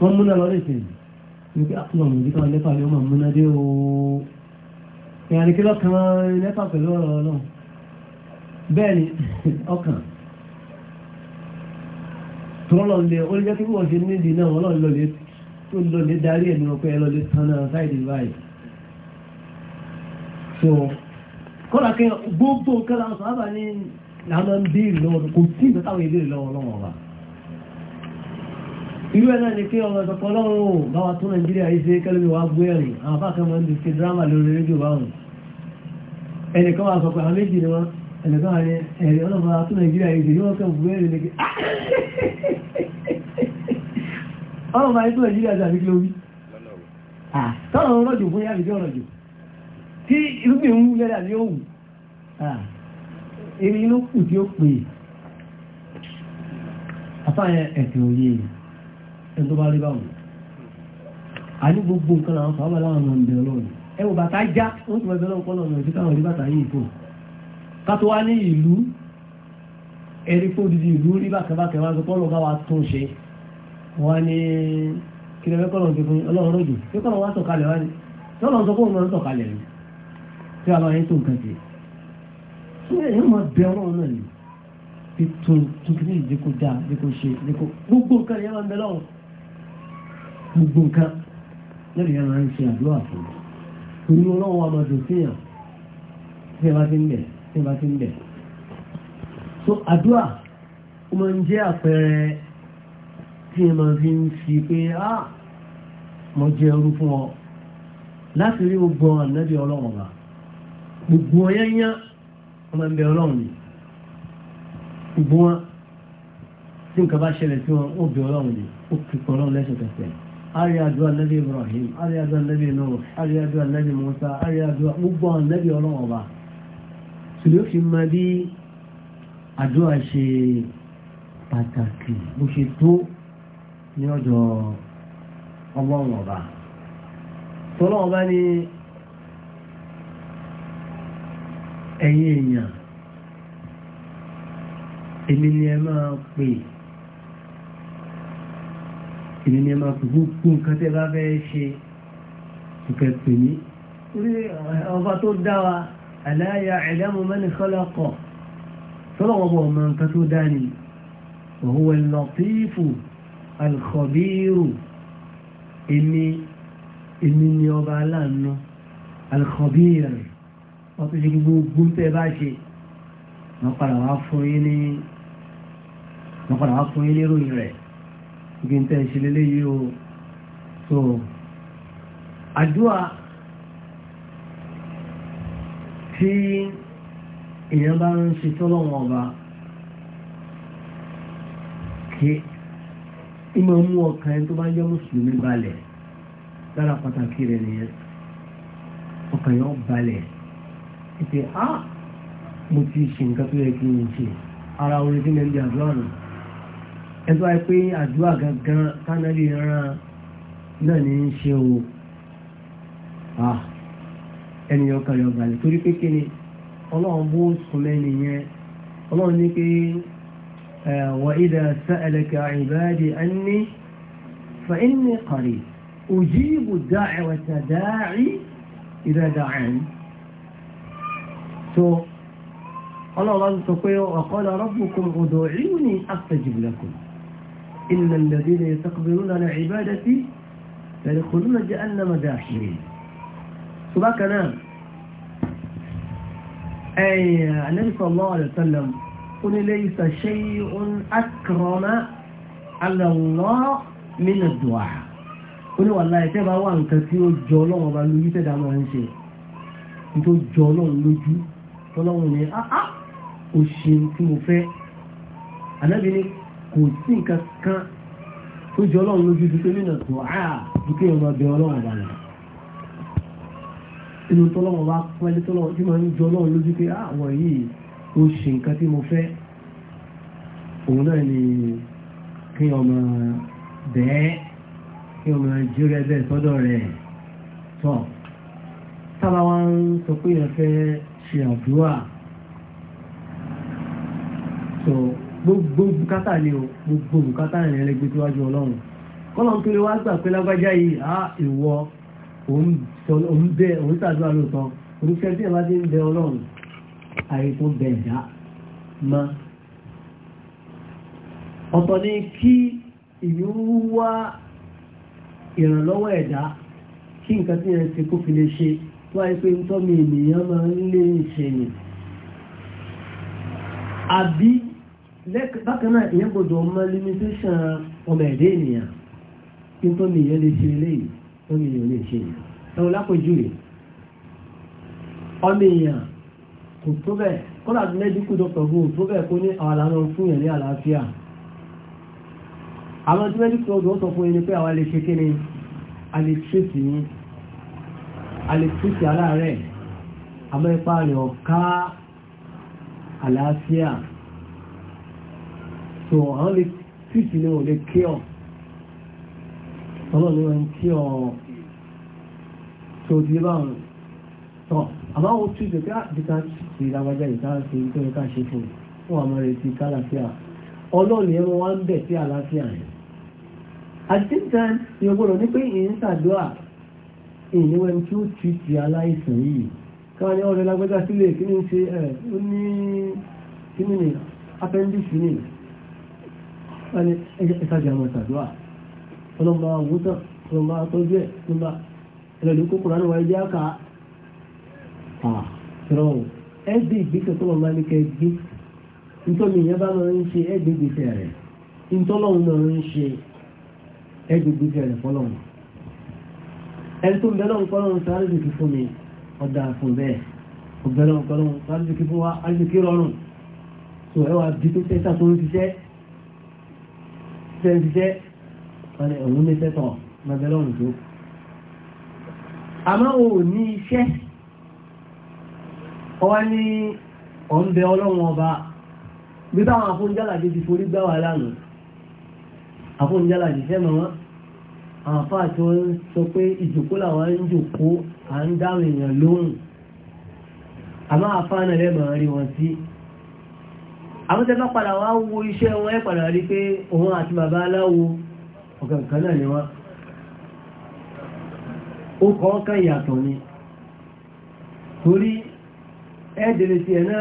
wọ́n múná lọ lẹ́sìn wípé àtúnwọ̀n ah, mú kíkọ́ nípa ni wọ́n máa múná dé o ìyàní kílọ̀ kan nípa pẹ̀lú ọ̀rọ̀ ọlọ́run bẹ́ẹ̀ ni ọkàn tọ́lọ́ lè ó lè jẹ́ kí wọ́n ṣe nídi náà wọ́n lọ́ọ́ lọ́lẹ̀ tó lọ́lẹ̀ darí ẹ̀ nínú pé ẹ lọ́lẹ̀ tán náà sáìdì báyìí kọ́lá kí gbogbo nǹkan láwọn sọ́ábà ní láwọn ń bèèrè lọ́wọ́ kò tí ìgbà táwọn ìbéèrè lọ́wọ́ lọ́wọ́ wa irú ẹ̀ náà ni pé ọmọ ìtọ́kọ ọlọ́run ò bá wa tó nàìjíríà yìí ṣe kẹ́lẹ́bí wa gbé ẹ̀rìn àwọn afá kan máa ń di ṣe dírámà lórí rédíò báwọn ẹnìkan wa sọ pé àwọn méjì ni wọn ẹnìkan wa ní ẹ̀rì ọlọ́run wa tó nàìjíríà yìí ṣe yóò kẹ́ gbé ẹ̀rìn ni kí ọlọ́run wa tó nàìjíríà ṣe àbíkí lórí tọ́lọ́run rọ̀jò fún yá àbíkí ọ̀rọ̀jò tí irúgbìn ń wú lẹ́dà ní òwú eré inú kù tí ó pè àfáàyàn ẹ̀sìn òye ẹni tó bá rí báwọn a ní gbogbo nǹkan àwọn sàábà láwọn ọmọ ìbẹ̀rẹ̀ ọlọ́run ẹwọ bàtà já wọ́n ti bẹ̀rẹ̀ ọkọ̀ lọ́nà ìdí káwọn oníbàtà yìí fò kátó wá ní ìlú ẹni fò dídí ìlú rí bàkẹ́bàkẹ́ wá sọpọ́ lọ́gá wa tún ṣe wọ́n ní kí lẹ́fẹ́ kọ́lọ̀ ti fún ọlọ́run lójú kí kọ́lọ̀ wá sọ̀kalẹ̀ wá ní tọ́lọ̀ sọ fóun náà sọ̀kalẹ̀ yìí tí a lọ yẹ tó nǹkan jẹ tí èèyàn máa bẹ ọlọ́run náà ni fi tún tuntun ní ìdíkò dá ìdíkò ṣe ìdíkò gbogbo nǹkan yẹn máa ń bẹ lọ́wọ́ gbogbo nǹkan lórí yẹn máa ń ṣe àdúrà fún un torí ọlọ́run wa máa dùn síyàn tí ẹ bá ti ń bẹ̀ tí ẹ bá ti ń bẹ̀ so àdúrà ó máa ń jẹ́ àpẹẹrẹ tí ẹ máa fi ń fi pé ah mo jẹ orú fún ọ láti rí gbogbo ànábì ọlọ́run wa gbogbo ọyányá ọmọ ẹgbẹ́ ọlọ́run ni gbogbo wọn tí nǹkan bá ṣẹlẹ̀ tí wọn ó bẹ ọlọ́run ni ó kíkọ ọlọ́run lẹ́sẹ̀kẹsẹ̀ àríyàdó anábì Ibrahim àríyàdó anábì Nuh àríyàdó anábì Musa àríyàdó gbogbo anábì ọlọ́run ọba sùlẹ̀ ó fi mọ bí àdúrà ṣe pàtàkì bó ṣe tó ní ọjọ́ ọlọ́run ọba tọ́lọ́run ọba ni. ẹ̀yin èèyàn èmi ni ẹ máa pè èmi ni ẹ máa pè gbogbo nǹkan tẹ́ bá fẹ́ ṣe ìkẹ́ pè mí ọba tó dá wa ala ya'lamu man khalaqa ọmọ nǹkan tó dá ni wa huwa al èmi ni ọba aláàánú al wọ́n tó ṣe kí gbogbo tẹ́ bá ṣe wọ́n padà wá fún yín ní wọ́n padà wá fún yín ní ìròyìn rẹ̀ kí n tẹ́ ṣe léléyìí o so àdúrà tí èèyàn bá ń ṣe tọ́lọ́wọ́n ọba kí ìmọ̀ mú ọkàn ẹni tó bá jẹ́ mùsùlùmí balẹ̀ lára pàtàkì rẹ̀ nìyẹn ọkàn yẹn balẹ̀ ìpè á mo ti ṣe nǹkan tó yẹ kí n ṣe ara orin tí mẹ́rin di àdúrà nù ẹgbẹ́ wáyé pé àdúrà gangan kánálì ran náà ní í ṣe o ẹnìyàn kan yọ balẹ̀ torí pé kí ni ọlọ́run bó sùn mẹ́ni yẹn ọlọ́run ní pé wà ìdá sa'alaka ibadi anni fa inni qarib ujibu da'wata da'i ìdá dáa tó ọlọ́ọ̀bá sọ pé ọ̀kọ́lá rabbukum ud'uni astajib lakum innal ladhina yastakbiruna an ibadati yadkhuluna jahannama dakhirin ṣùgbọ́n náà ẹ̀yìn Ànábì sallallahu alaihi wasallam ó ní laysa shay'un akrama ala Allah min ad ní wàláhì tẹ́ bá wà nǹkan tí ó jọ ọlọ́run ọba lójú tẹ́dá máa ń ṣe tọ́lọ́run ní áá ah, ah, kò ṣe tí mo fẹ́ ànábì ní kò sí nǹkan kan tó jọ ọlọ́run lójú dúpẹ́ nínú tó áà dúpẹ́ ọmọ ọbẹ̀ ọlọ́run bá lọ inú tọ́lọ́run bá pẹ́lẹ́ tọ́lọ́run tí mo ń jọ ọlọ́run lójú pé ah, àwọn yìí ó ṣe nǹkan tí mo fẹ́ òun náà ni kí ọmọ bẹ́ẹ̀ kí ọmọ jírẹ́ bẹ́ẹ̀ sọ́dọ̀ rẹ̀ tọ́ sábà wá ń sọ pé ìyẹn fẹ́ẹ́ ṣe àdúrà so gbogbo bùkátà ni o gbogbo bùkátà ni ẹlẹgbẹ tó wájú Ọlọ́run kọlọn tó lè wá gbà pé lágbájá yìí á ìwọ òun bẹ òun ṣàdúrà lóòótọ́ orúkẹ tí ẹ bá ti ń bẹ Ọlọ́run àìkú bẹ ẹ̀dá má ọ̀tọ̀ ni kí ìlú wá ìrànlọ́wọ́ ẹ̀dá kí nǹkan tí yẹn ti kó fi lè ṣe tó wáyé pé tọ́mì ènìyàn máa ń lé ìṣẹ̀yìn àbí bákaná ìyẹn gbọdọ̀ ọmọ limitation ọmọ ẹ̀dẹ́ ènìyàn kí tọ́mì ènìyàn lè ṣe eléyìí tọ́mì ènìyàn lè ṣe ẹ̀wọ̀n lápòjúwe ọmọ èèyàn kò tó bẹ́ẹ̀ kọ́lá mẹ́díkù dọ́kítọ̀ fún tó bẹ́ẹ̀ kó ní àwọn àlànà fún yẹn ní àlàáfíà àwọn tí mẹ́díkù dọ́kítọ̀ sọ fún yẹn ni pé àwọn lè ṣe kíni a lè ṣèṣì yín alẹ́kùsì aláàrẹ̀ amẹ́pá rẹ̀ ọ̀ká àlàáfíà so àwọn lè tìtì ní òlé kí ọ̀ ọlọ́ni wọn kí ọ̀ tó di báwọn tọ́ àmọ́ àwọn tìtì ah, ká dìka tìtì lágbájá ìta ṣe tó yẹ ká ṣe fún fún àwọn rẹ̀ ti kálàáfíà ọlọ́ni ẹ̀rọ wa ń bẹ̀ sí àlàáfíà rẹ̀ àti títà ìyọ̀gbọ̀rọ̀ ní ìníwẹ̀ tí ó ti ti aláìsàn yìí káwọn ní ọ̀rẹ́ lágbẹ́gá sílẹ̀ kí ní ṣe ẹ̀ ó ní kí ní ní appendix ní ẹ̀ẹ́sájà àwọn ìtàdúrà ọlọ́mọ àwùjọ ọlọ́mọ àtọ́jú ẹ̀ nígbà ẹlẹ́dùn kókòrò àwọn ẹgbẹ́ àká àtọ́rọ̀ ẹgbẹ́ ìgbésẹ̀ tó lọ́mọ ní kẹgbẹ́ nítorí ìyẹn bá lọ́ọ́ ń ṣe ẹgbẹ́ ìgbésẹ̀ rẹ̀ nítorí ọlọ́run lọ́ọ́ ń ṣe ẹgbẹ́ ìgbésẹ̀ rẹ̀ fọlọ́run ẹni tó bẹ̀rẹ̀ ọ̀pọ̀lọ́run tó arídìkì fún mi ọ̀dà fún bẹ́ẹ̀ kò bẹ̀rẹ̀ ọ̀pọ̀lọ́run fún wa arídìkì rọrùn tó ẹwà bí tó tẹ́ta tó ń ṣiṣẹ́ tẹ́ ń ṣiṣẹ́ ọ̀nà ẹ̀wọ̀n ní tẹ́tọ̀ mẹ́bẹ̀lọ́run tó àmọ́ o ò ní iṣẹ́ ọwá ní ọ̀nbẹ ọlọ́run ọba bí táwọn afúnjálàjì ti forí gbá wa lánàá afúnjálàjì fẹ́ mọ́ wọn àwọn àfáà tí wọ́n sọ pé ìjòkó làwọn ń jòkó à ń dáhùn èèyàn lóhùn àmọ́ àfáà náà lẹ́mọ̀ rí wọn sí àwọn tẹ́lá padà wá wo iṣẹ́ wọn ẹ́ padà rí pé òun àti bàbá aláwo ọ̀kan kan náà ni wọ́n ó kọ́ ọ̀kan ìyàtọ̀ ni torí ẹ́dẹ̀lẹ̀ tí náà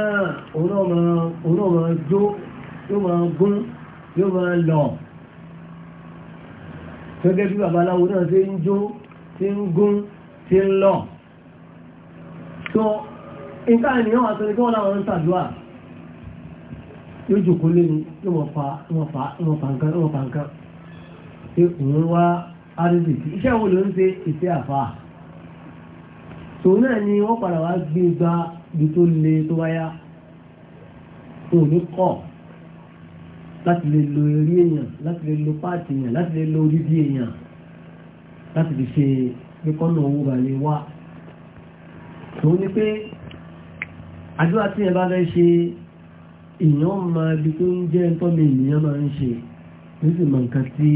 òun náà máa jó yóò máa gún yóò máa lọ gẹ́gẹ́ bí babaláwo náà ṣe ń jó tí ń gún tí ń lọ tó nǹkan ènìyàn àti ẹni kí wọ́n láwọn ń tàdúà yóò jòkó lé ní wọ́n fa nǹkan pé òun wá arìsìkì iṣẹ́ wo ló ń ṣe iṣẹ́ àfà tòun náà ni wọ́n padà wá gbé gba ibi tó le tó wáyá òun ní kọ́ láti lè lo eré èèyàn láti lè lo páàtì èèyàn láti lè lo odidi èèyàn láti fi ṣe kíkọ́nà owó balẹ̀ wá tòun ni pé àdúrà tí ẹ bá fẹ́ ṣe èèyàn máa bí tó ń jẹ́ tọ́lẹ̀ ènìyàn máa ń ṣe ní sì mọ nǹkan tí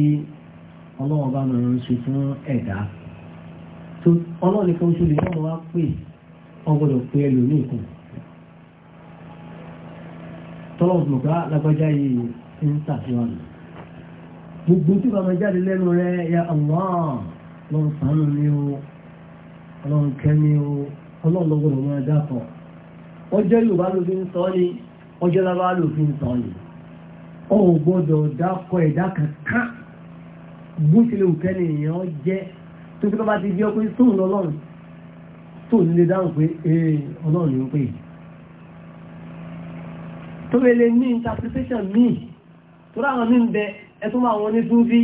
ọlọ́wọ́ bá máa ń ṣe fún ẹ̀dá tó ọlọ́ọ̀ni kan ṣe lè fọ́mọ wá pè ọgbọ́dọ̀ pé ẹlòmíì tọ́lọ̀ mọ̀gá ah, lágbájá yìí ń ṣàfihàn gbogbo tí bàbá jáde lẹ́nu rẹ̀ ya Allah lọ́run sànù ni o ọlọ́run kẹ́ni o ọlọ́run lọ́gbọ́dọ̀ máa dákọ̀ ọjọ́ Yorùbá ló fi ń sọ ni ọjọ́ lábá ló fi ń sọ ni ọ ò gbọ́dọ̀ dákọ̀ ẹ̀dá kankan bó ṣe lè kẹ́ni èèyàn jẹ́ tó fi bá ti di ọkùnrin sóhun lọ́lọ́run tó nílé dáhùn pé ee eh, ọlọ́run ló interpretation míì tóra àwọn ní ń bẹ ẹtún máa wọn ní súnfí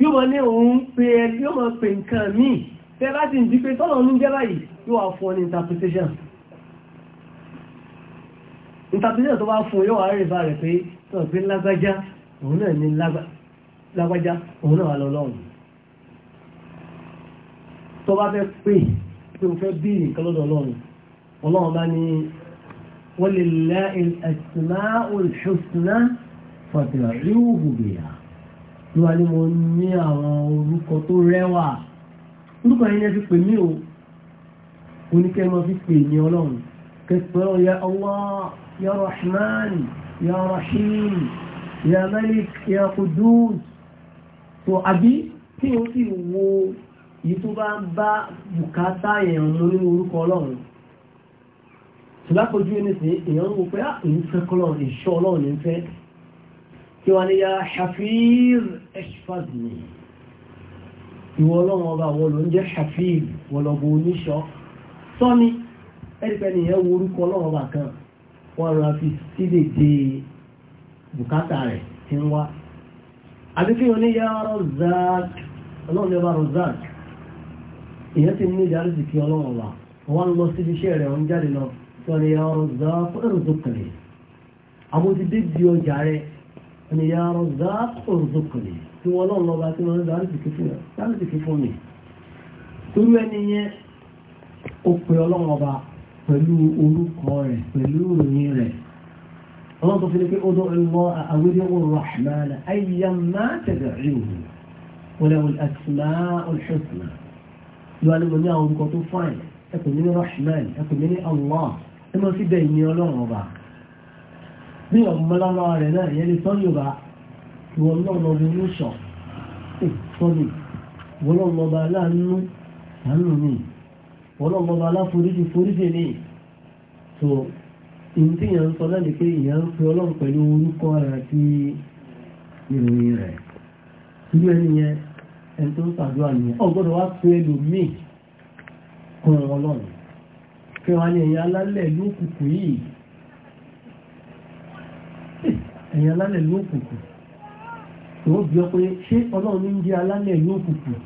yóò mọ̀ ní òun pé ẹ yóò mọ̀ pé nǹkan míì tẹ́ bá ti ń di pé tọ́lọ̀ ní jẹ́ báyìí yóò wá fún ọ ní interpretation interpretation tó bá fún yóò wá rí bá rẹ̀ pé tọ́lọ̀ pé lágbájá òun náà ní lágbájá òun náà wà lọ́lọ́run tó bá fẹ́ ولله الأسماء الحسنى فادعوه بها ló wà ní mo ní àwọn orúkọ tó rẹwà orúkọ yẹn ni fi pè mí o oníkẹ́ máa fi pè ní ọlọ́run kẹsàn-án ya Allah ya Rahman ya Rahim ya Malik ya Qudus tó àbí tí o sì wo èyí bá bùkátà yẹn lápòjú ẹni sí èèyàn ń wo pé àìyàn ah, fẹ́ kọ́lọ̀ ìṣọ́ ọlọ́run ní fẹ́ kí wọ́n ní ya hafiz eshfadni ìwọ ọlọ́run ọba wọ́n ló ń jẹ́ hafiz wọ́lọ́gbọ̀ oníṣọ́ sọ́ni ẹ̀rípẹ́ nìyẹn wo orúkọ ọlọ́run ọba kan wọ́n ya rozak ọlọ́run rozak èèyàn ti ní ìjà àrísìkí ọlọ́run ọba sọ̀rọ̀ ya Razzaq irzuqni àbójú débi ọjà rẹ̀ ẹni ya Razzaq irzuqni tí wọ́n lọ́n lọ́ba tí wọ́n lọ́ba láti fún mi torí ẹni yẹn ó pe ọlọ́run ọba pẹ̀lú orúkọ rẹ̀ pẹ̀lú ìròyìn rẹ̀ ọlọ́run tó fi ní pé ó dọ́ ẹ̀wọ́ àwílẹ̀ Rahman ayyamma tad'uhu wa lahu al-asma'ul mi ní Rahman ẹkùn mi ní Allah ẹmọ síbẹ̀ ìní ọlọ́run ọba bí ọmọlára rẹ̀ náà yẹ́ lè tọ́lù ọba ìwọ̀n lọ́rọ̀ ọba olóṣọ̀ tọ́lù wọ́lọ́rọ̀ ọba aláàánú àánú mi wọ́lọ́rọ̀ ọba aláforíjì foríjì ní so ìyẹn tí ìyẹn ń sọ lẹ́nu pé ìyẹn ń pe ọlọ́run pẹ̀lú orúkọ rẹ̀ àti ìròyìn rẹ̀ irú ẹni fi wọn ní ẹ̀yìn alálẹ̀ lókùnkùn yìí ẹ̀yìn alálẹ̀ lókùnkùn wọ́n bí ọ pé ṣé ọlọ́run ń jẹ́ alálẹ̀ lókùnkùn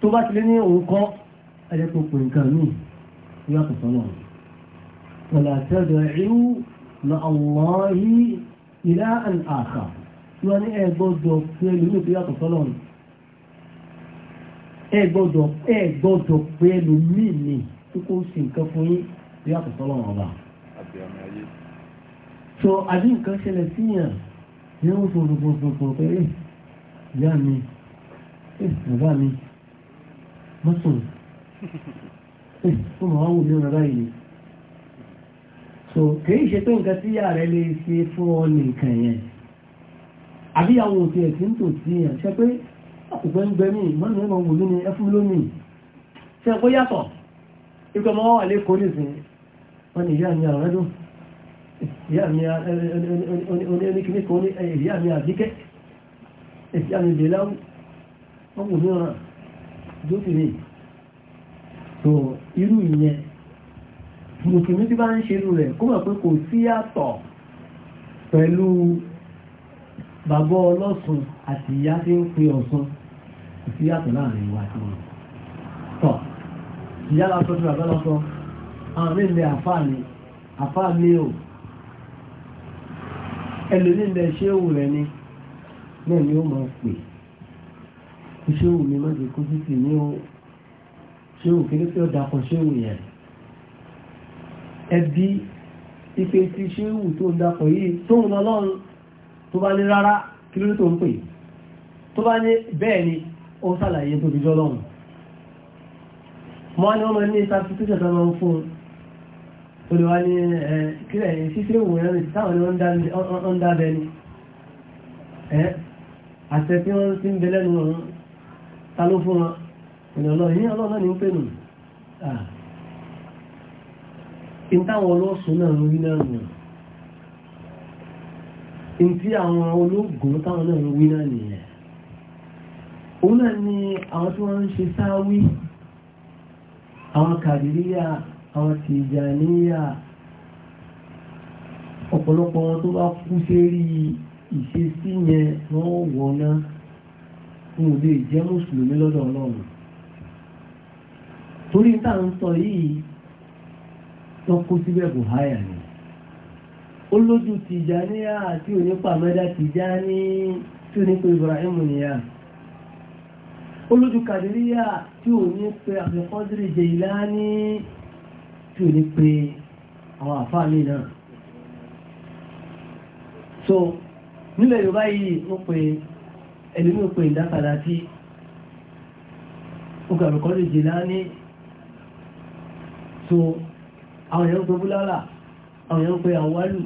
tó bá ti lé ní òun kọ́ ẹ̀jẹ̀ tó pè nǹkan míì ní àtọ̀tọ̀ náà wọ̀lá tẹ́jọ ìrú na àwọ̀nyí ilá àn àkà tí wọ́n ní ẹ pé lómi tó yàtọ̀ sọ́lọ́run pé lómi ni tí sí nǹkan fún yín bí yàtọ̀ sọ́lọ́ wọn bá. so àbí nǹkan ṣẹlẹ̀ síyàn ní ó fò fò fò fò pé ẹ eh, ìyá mi ẹ eh, bàbá mi mọ́sùn ẹ fún màá wò ní ọ̀nà báyìí so kìí ṣe pé nǹkan tí yàrá rẹ lè ṣe fún ọ nìkan yẹn àbí àwọn òkè ẹ̀sìn tò sí yàn ṣe pé àkùgbẹ́ ń gbẹ mí mọ́nà ẹ̀ máa wò lónìí ẹ fún lónìí ṣe kó yàtọ̀ ikọ̀ mọ́ wà lé kórì sí wọ́n ni ìyá mi àrẹ́dùn ìyá mi oníkìníkọ̀ ìyá mi àdíkẹ́ ìyá mi bèláwù wọ́n kò mìíràn jókìrí tó irú ìyẹn mùsùlùmí tí bá ń ṣe irú rẹ̀ kó mọ̀ pé kò sí yàtọ̀ pẹ̀lú bàbá ọlọ́sùn àti ìyá tí ń pe ọ̀sùn kò sí yàtọ̀ láàrin wa àti wọn tọ̀ ìyá lásán tí bàbá lọ́sọ àwọn ilẹ̀ àfáàní àfáàní ò ẹlòmí ilẹ̀ ṣéwù rẹ̀ ni náà ni ó máa pè ṣéwù mi má jẹ́ kó títì ní ó ṣéwù kéré pé ọ̀dà kan ṣéwù yẹn ẹbí ife tí ṣéwù tó ń dapọ̀ yìí tó ń lọ́lọ́run tó bá ní rárá kí ló tó ń pè tó bá ní bẹ́ẹ̀ ni ó sàlàyé tó fi jọ́ lọ́run mọ́ ni wọ́n máa ní interpretation tó máa ń fún un olùwà ní ẹ̀ kílẹ̀ ìṣíṣẹ́ ìwòyàn rẹ̀ táwọn ni wọ́n ń dábẹ́ ni ẹ̀ àṣẹ tí wọ́n ti ń bẹ lẹ́nu ọ̀run ta ló fún wọn ènìyàn lọ ìyẹn ọlọ́run náà ní ń pè nù ìtàwọn ọlọ́sùn náà ń rí náà nù ìtí àwọn kàdìríyà àwọn tìjàníyà ọ̀pọ̀lọpọ̀ wọn tó bá kú sérí ìṣesí yẹn wọ́n wọ̀ná fún òde ìjẹ́ mùsùlùmí lọ́dọ̀ ọlọ́run torí tá à ń sọ yìí wọ́n kó síbẹ̀ bùháyà ni ó lójú tìjàníyà àti onípàmẹ́dá tìjání tí onípa Ibrahim nìyà olójú kàdíríyà tí ò ní pé àbẹ̀kọ́dìrì Jẹ̀ìlání tí ò ní pé àwọn àfáàmì náà so nílẹ̀ Yorùbá yìí ó pe ẹlòmí ó pe ìdákàlá tí ó kà àbẹ̀kọ́dìrì Jẹ̀ìlání so àwọn èèyàn ń pe búlára àwọn èèyàn ń pe àwálù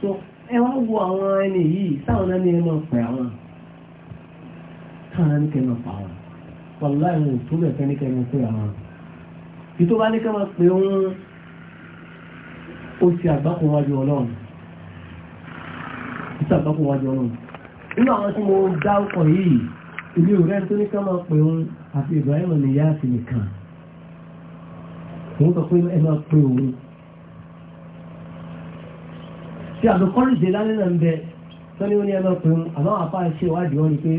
so ẹ wá wo àwọn ẹni yìí sáwọn náà ní ẹ máa pè àwọn káàrà ní kẹ́mọ̀ pa wọn wàlúwà ìwọ̀n ò tó bẹ̀ẹ̀ ní kẹ́mọ̀ pé àwọn tí tó bá ní kẹ́mọ̀ pé òun ó ti àgbákùn wájú ọlọ́run ti àgbákùn wájú ọlọ́run nínú àwọn tí mo dá ọkọ̀ yìí ìlú rẹ̀ tó ní kẹ́mọ̀ pé òun àti Ibrahim nìyá àti nìkan òun sọ pé ẹ máa pé tí àlùkọ́rìdè lálẹ́ náà ń bẹ tọ́ni ó ní ẹ máa pé òun àmọ́ àpá ìṣèwádìí wọn ni pé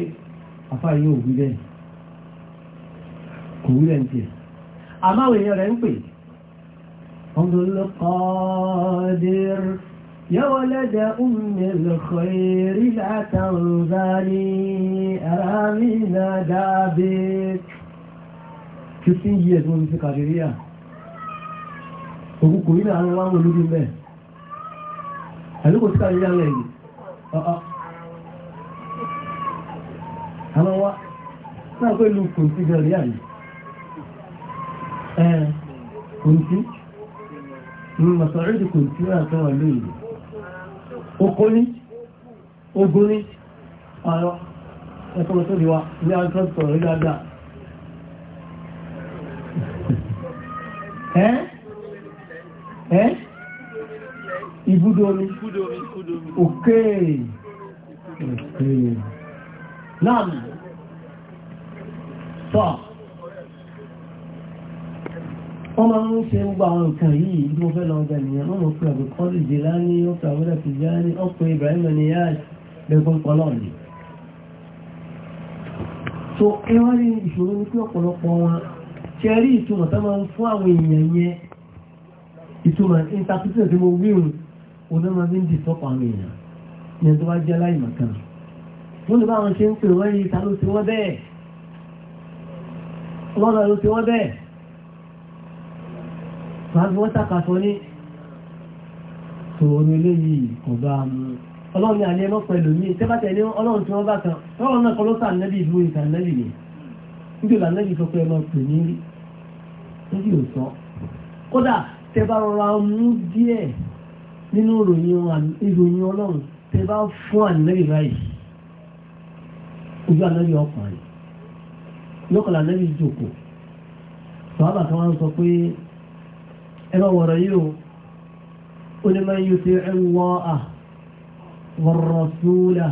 àfá yóò wí bẹ́ẹ̀ kò wí bẹ́ẹ̀ ń tiẹ̀ àmáwẹ̀ èèyàn rẹ̀ ń pè ọdúnlọ́kọ́dìr yọ́wọ́ lẹ́dẹ̀ umilkhairi látàrúzárí àmìnà dábé 15 náà wọ́n wọ́n lórí àwọn wá náà pẹ̀lú kòǹtí gẹ̀rẹ̀ yà ní ẹ̀ kòǹtí mọ̀sọ̀rẹ́dì kòǹtí náà tó wà lóyìn oko ní ogun ní ọ̀rọ̀ ẹ̀kọ́ tó di wa ní àjọ sọ̀rọ̀ dáadáa ẹ́ ẹ́ ibùdó omi òkè òkè náà tọ́ wọ́n máa ń ṣe ń gba àwọn nǹkan yìí bí mo fẹ́ lọ ọjà nìyàn wọ́n mọ̀ pé àbí kọ́lì jẹ láni ó pè àwọn ẹ̀kì jẹ láni ó pè Ibrahim Niyas bẹ́ẹ̀kún pọ́lọ́ ni so ẹwà ní ìṣòro ní pé ọ̀pọ̀lọpọ̀ wọn ṣe rí ìtumọ̀ tó máa ń fún àwọn èèyàn yẹn ní ìdí sọ́pọ̀ àwọn ní ẹni tó bá jẹ́ lórí báwọn ṣe ń pè wọ́n yìí ta ló ti wọ́n bẹ́ẹ̀ lọ́nà ló ti wọ́n bẹ́ẹ̀ máa fi wọ́n tàkàtọ́ ní tòun eléyìí kò bá mú ọlọ́run ní alẹ́ ẹmọ́ pẹ̀lú ní tẹ́bàtẹ̀ ní ọlọ́run tí wọ́n bá kan ọlọ́run náà kọlọ́sà ànẹ́bì ìlú ìta ànẹ́bì ni nítorí ànẹ́bì sọ pé ẹmọ pè ní níbi òsọ kódà tẹ́bà rọra mú díẹ̀ nínú ìròyìn ọlọ́run tẹ́bà fún ànẹ́bì báyìí ojú ànábì ọkàn rẹ̀ lọ́kọ̀lá ànábì jòkó sọ́ábà kan wọ́n sọ pé ẹ bá wọ̀rọ̀ yìí o ó ní máa ń yóò ṣe ẹ ń wọ́ à wọ̀rọ̀ sóòlà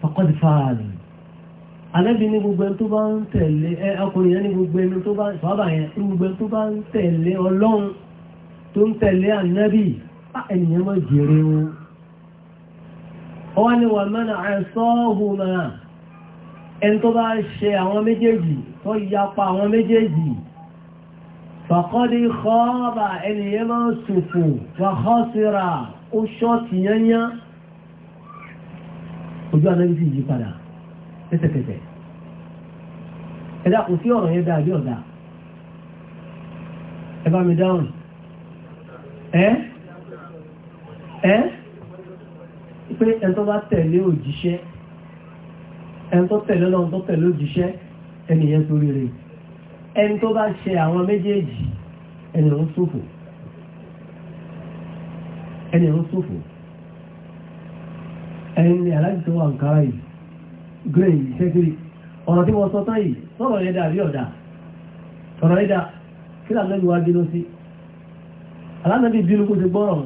faqad fààlì ànábì ní gbogbo ẹni tó bá ń tẹ̀lé ẹ ọkùnrin ní gbogbo ẹni tó bá ń tẹ̀lé ọlọ́run tó ń tẹ̀lé ànábì ènìyàn máa jèrè o. ọwọ́ ni wà mẹ́rin àìsọ́ọ̀hùn náà ẹni tó bá ṣe àwọn méjèèjì tó yapa àwọn méjèèjì fàkọ́dí kọ́ọ̀bà ẹniyẹ máa sùfù wàhọ́síra ó ṣọ́ọ̀tì yányá ojú anábí sì yí padà tẹ́tẹ̀tẹ̀tẹ̀ ẹ̀dá kò sí ọ̀rọ̀ yẹn dàbí ọ̀dà ẹ bá mi dáhùn ẹ́ ẹ́ pé ẹni tó bá tẹ̀lé òjíṣẹ́ ẹni tó tẹ̀lé lọ́n tó tẹ̀lé òjíṣẹ́ ẹni yẹn tó rere ẹni tó bá ṣe àwọn méjèèjì ẹni ń ṣòfò ẹni ń ṣòfò ẹni aláàjì tó wà nǹkan yìí gray ìṣẹ́kiri ọ̀rọ̀ tí wọ́n sọ tán yìí sọ̀rọ̀ yẹn dà rí ọ̀dà ọ̀rọ̀ yẹn dà kí làwọn ẹni wá bínú sí aláàbí bínú kó ti gbọ́rọ̀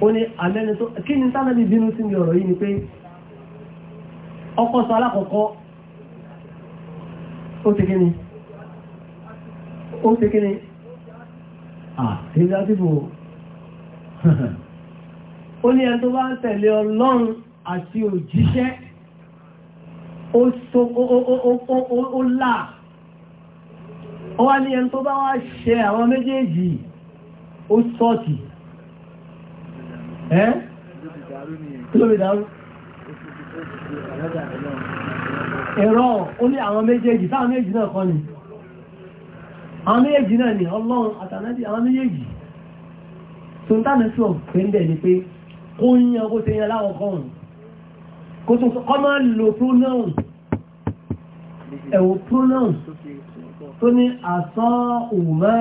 ó ní àmẹ́ni tó kí ni sáà náà bí bínú sí mi ọ̀rọ̀ yìí ni pé ọkọ́ sọ alákọ̀ọ́kọ́ ó ti kíni ó ti kíni àìdájúbò ó ní ẹni tó bá ń tẹ̀lé ọlọ́run àti òjíṣẹ́ ó là ó wá ní ẹni tó bá wá ṣe àwọn méjèèjì ó sọ́ọ̀tì ẹ́ kí ló fi dárú ẹ̀rọ ó ní àwọn méjèèjì táwọn méjèèjì náà kọ́ ni àwọn méjèèjì náà ni ọlọ́run àtànájì àwọn méjèèjì tó ń tánà sí ọ̀pẹ́ndẹ̀ ni pé kó yíyan kó tẹ́yàn láwọn kọrùn kó tún kọ́ máa lò pronoun ẹ̀wọ̀ pronoun tó ní àsán òmá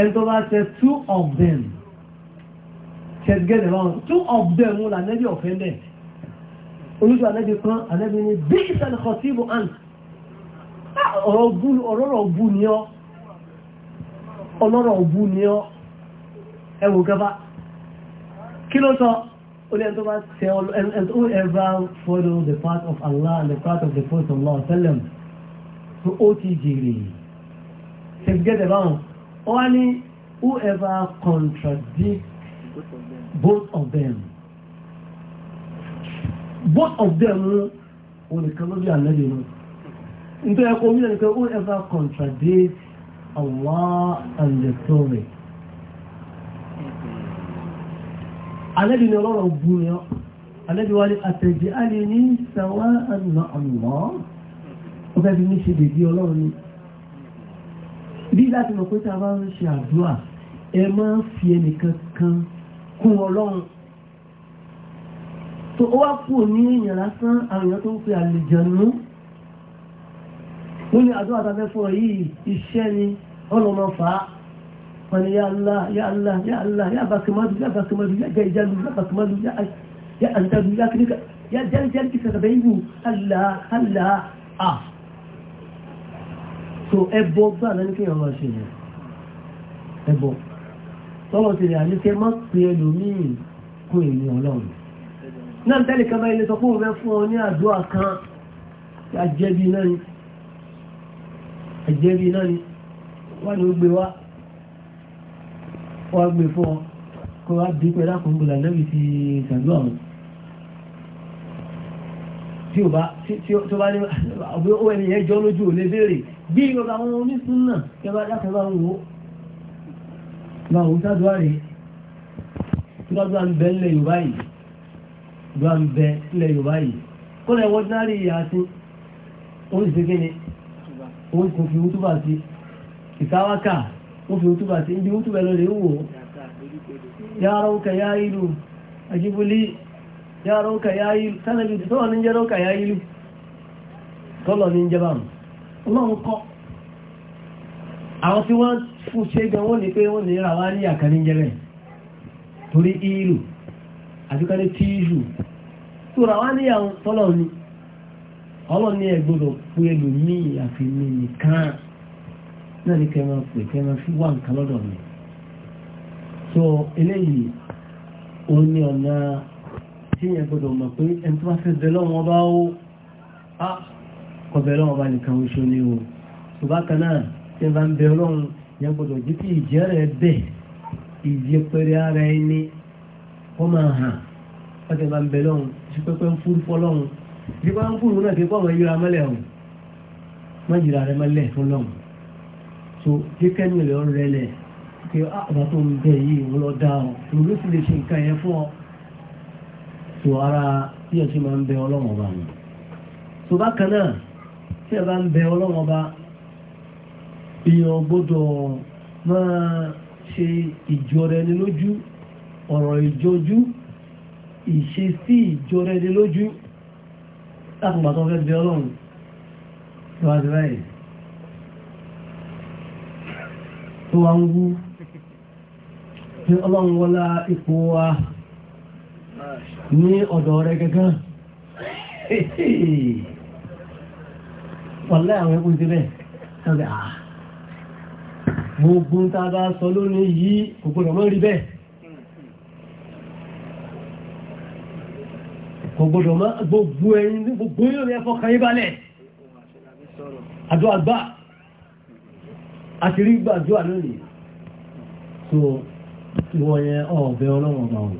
ẹni tó two of them Just get around. Two of them will never be offended. Olúṣù Ànábì kan, Ànábì ni, bí ìsàlẹ̀ kan sí ìbò àn. Ọ̀rọ̀ ọ̀bù ni ọ́. Ọlọ́rọ̀ ọ̀bù ni ọ́. Ẹ wò gaba. Kí ló sọ? Ó ẹni tó bá ṣe and whoever follow the path of Allah and the path of the Prophet Allah sallam. So ó ti jèrè. Just get around. Ó ní whoever contradicts both of them both of them wọ́n nìkan ló bí àlẹ́ yìí into ẹ̀kọ́ omi nìkan who ever contradict Allah and the story àlẹ́ yìí ni ọlọ́rọ̀ bú ni ọ́ àlẹ́ yìí wá ní àtẹ̀jẹ́ àlẹ́ ní sàwá àná àmọ́ ó fẹ́ fi ní ṣe dèbí ọlọ́run ni bí láti mọ̀ pé tá a bá ń ṣe àdúrà ẹ máa ń fi ẹnìkan kan kún ọlọ́run tó ó wá kú ní èèyàn lásán àwọn èèyàn tó ń pe àlùjànnú wọ́n ní àdúrà tàbí fún ọ yìí iṣẹ́ ni ọlọ́mọ fà á wọ́n ní ya Allah ya Allah ya Allah ya bàkìmọ́dù ya bàkìmọ́dù ya jẹ́ ìjálù ya bàkìmọ́dù ya àǹtàdù ya kìríkà ya jẹ́ ìjálù kìí sàkàbẹ̀ ìwù Allah Allah ah so ẹbọ gbà lẹ́nu kí ọlọ́ ṣe yẹn ẹbọ tọ́lọ̀ ti rẹ̀ àníkẹ́ má pè ẹlòmíì kún èmi ọlọ́run náà tẹ́lẹ̀ kan bá ilé sọ fún òun fún ọ ní àdúrà kan ajẹ́bí náà ni ajẹ́bí náà ni wọ́n ni ó gbé wá wọ́n gbé fún ọ kó wá bí pẹ́ lákòókò lànàbì ti ṣàdúrà wọn tí ó bá tí ó bá ní ọ̀bí ó ẹni yẹn jọ lójú ò lè béèrè bí ìrọ̀lá àwọn onísùn náà kẹbàá dákẹ́ bá ń wò ó ma òun sádùá rè gbàdúrà ń bẹ ńlẹ̀ yorùbá yìí gbàdúrà ń bẹ ńlẹ̀ yorùbá yìí kọ́lá ẹ̀wọ́n náà rí ìyá sí òun sì kéke ni òun fi wútúbà sí ìkáwákà ó fi wútúbà sí ibi wútúbà lọ lè wò ó ya rauka ya ilu a jibuli ya rauka ya ilu sanabi ní jẹ́ fún ṣe gan wọ́n ní pé wọ́n ní ra wá ní àkàní jẹ́rẹ̀ torí ìlú àbíkọ́ni tíìlù tó ra wá níyàwó tọ́lọ̀ ni ọlọ́ ní ẹgbọ́dọ̀ pé ẹlòmíì àfi mi nìkan náà ní kẹ́ máa pè kẹ́ máa fi wá nǹkan lọ́dọ̀ mi so eléyìí ó ní ọ̀nà tí yẹn gbọ́dọ̀ mọ̀ pé ẹni tó bá fẹ́ bẹ lọ́wọ́ bá ó á kọ̀ bẹ bá nìkan oṣù ni o tó bá kan náà tí ẹ bá ń bẹ ọlọ́run yẹn gbọdọ̀ jẹ́ kí ìjẹ́ rẹ̀ bẹ̀ ìyẹpẹrẹ ara ẹni kọ́ máa hàn wọ́n ti máa ń bẹ lọ́hùn sí pẹ́pẹ́ ń fúru fọ́ lọ́hùn bí wọ́n ń fúru náà kí wọ́n máa yíra mọ́lẹ̀ ọ̀hún má yíra rẹ mọ́lẹ̀ fún lọ́hùn tó jẹ́kẹ́ ní ìlọ rẹ lẹ̀ pé àbá tó ń bẹ yìí wọ́n lọ dá ọ òun ló sì lè ṣe nǹkan yẹn fún ọ tó ara bí ẹ ṣe máa ń bẹ ọlọ́wọ́n ọba ni tó bákan náà tí ẹ bá ń bẹ ọlọ́wọ́n ọba èèyàn gbọ́dọ̀ máa ṣe ìjọra ẹni lójú ọ̀rọ̀ ìjọjú ìṣesí ìjọra ẹni lójú lákùnbà tó fẹ́ bí ọlọ́run tó wá sí báyìí tó wá ń wú pé ọlọ́run wọlá ipò wa ní ọ̀dọ̀ rẹ̀ gẹ́gán wọ́n láàrin ẹkùn síbẹ̀ ẹgbẹ̀ ah gbogbo tá a bá sọ lónìí yìí kò gbọdọ̀ mọ́ rí bẹ́ẹ̀ kò gbọdọ̀ mọ́ gbogbo ẹ̀yin gbogbo yóò ní ẹfọ́ kan yí balẹ̀ àdúrà gbà àti rí gbàdúrà lónìí so ìwọ̀n yẹn ọ̀bẹ̀ ọlọ́wọ̀n wọn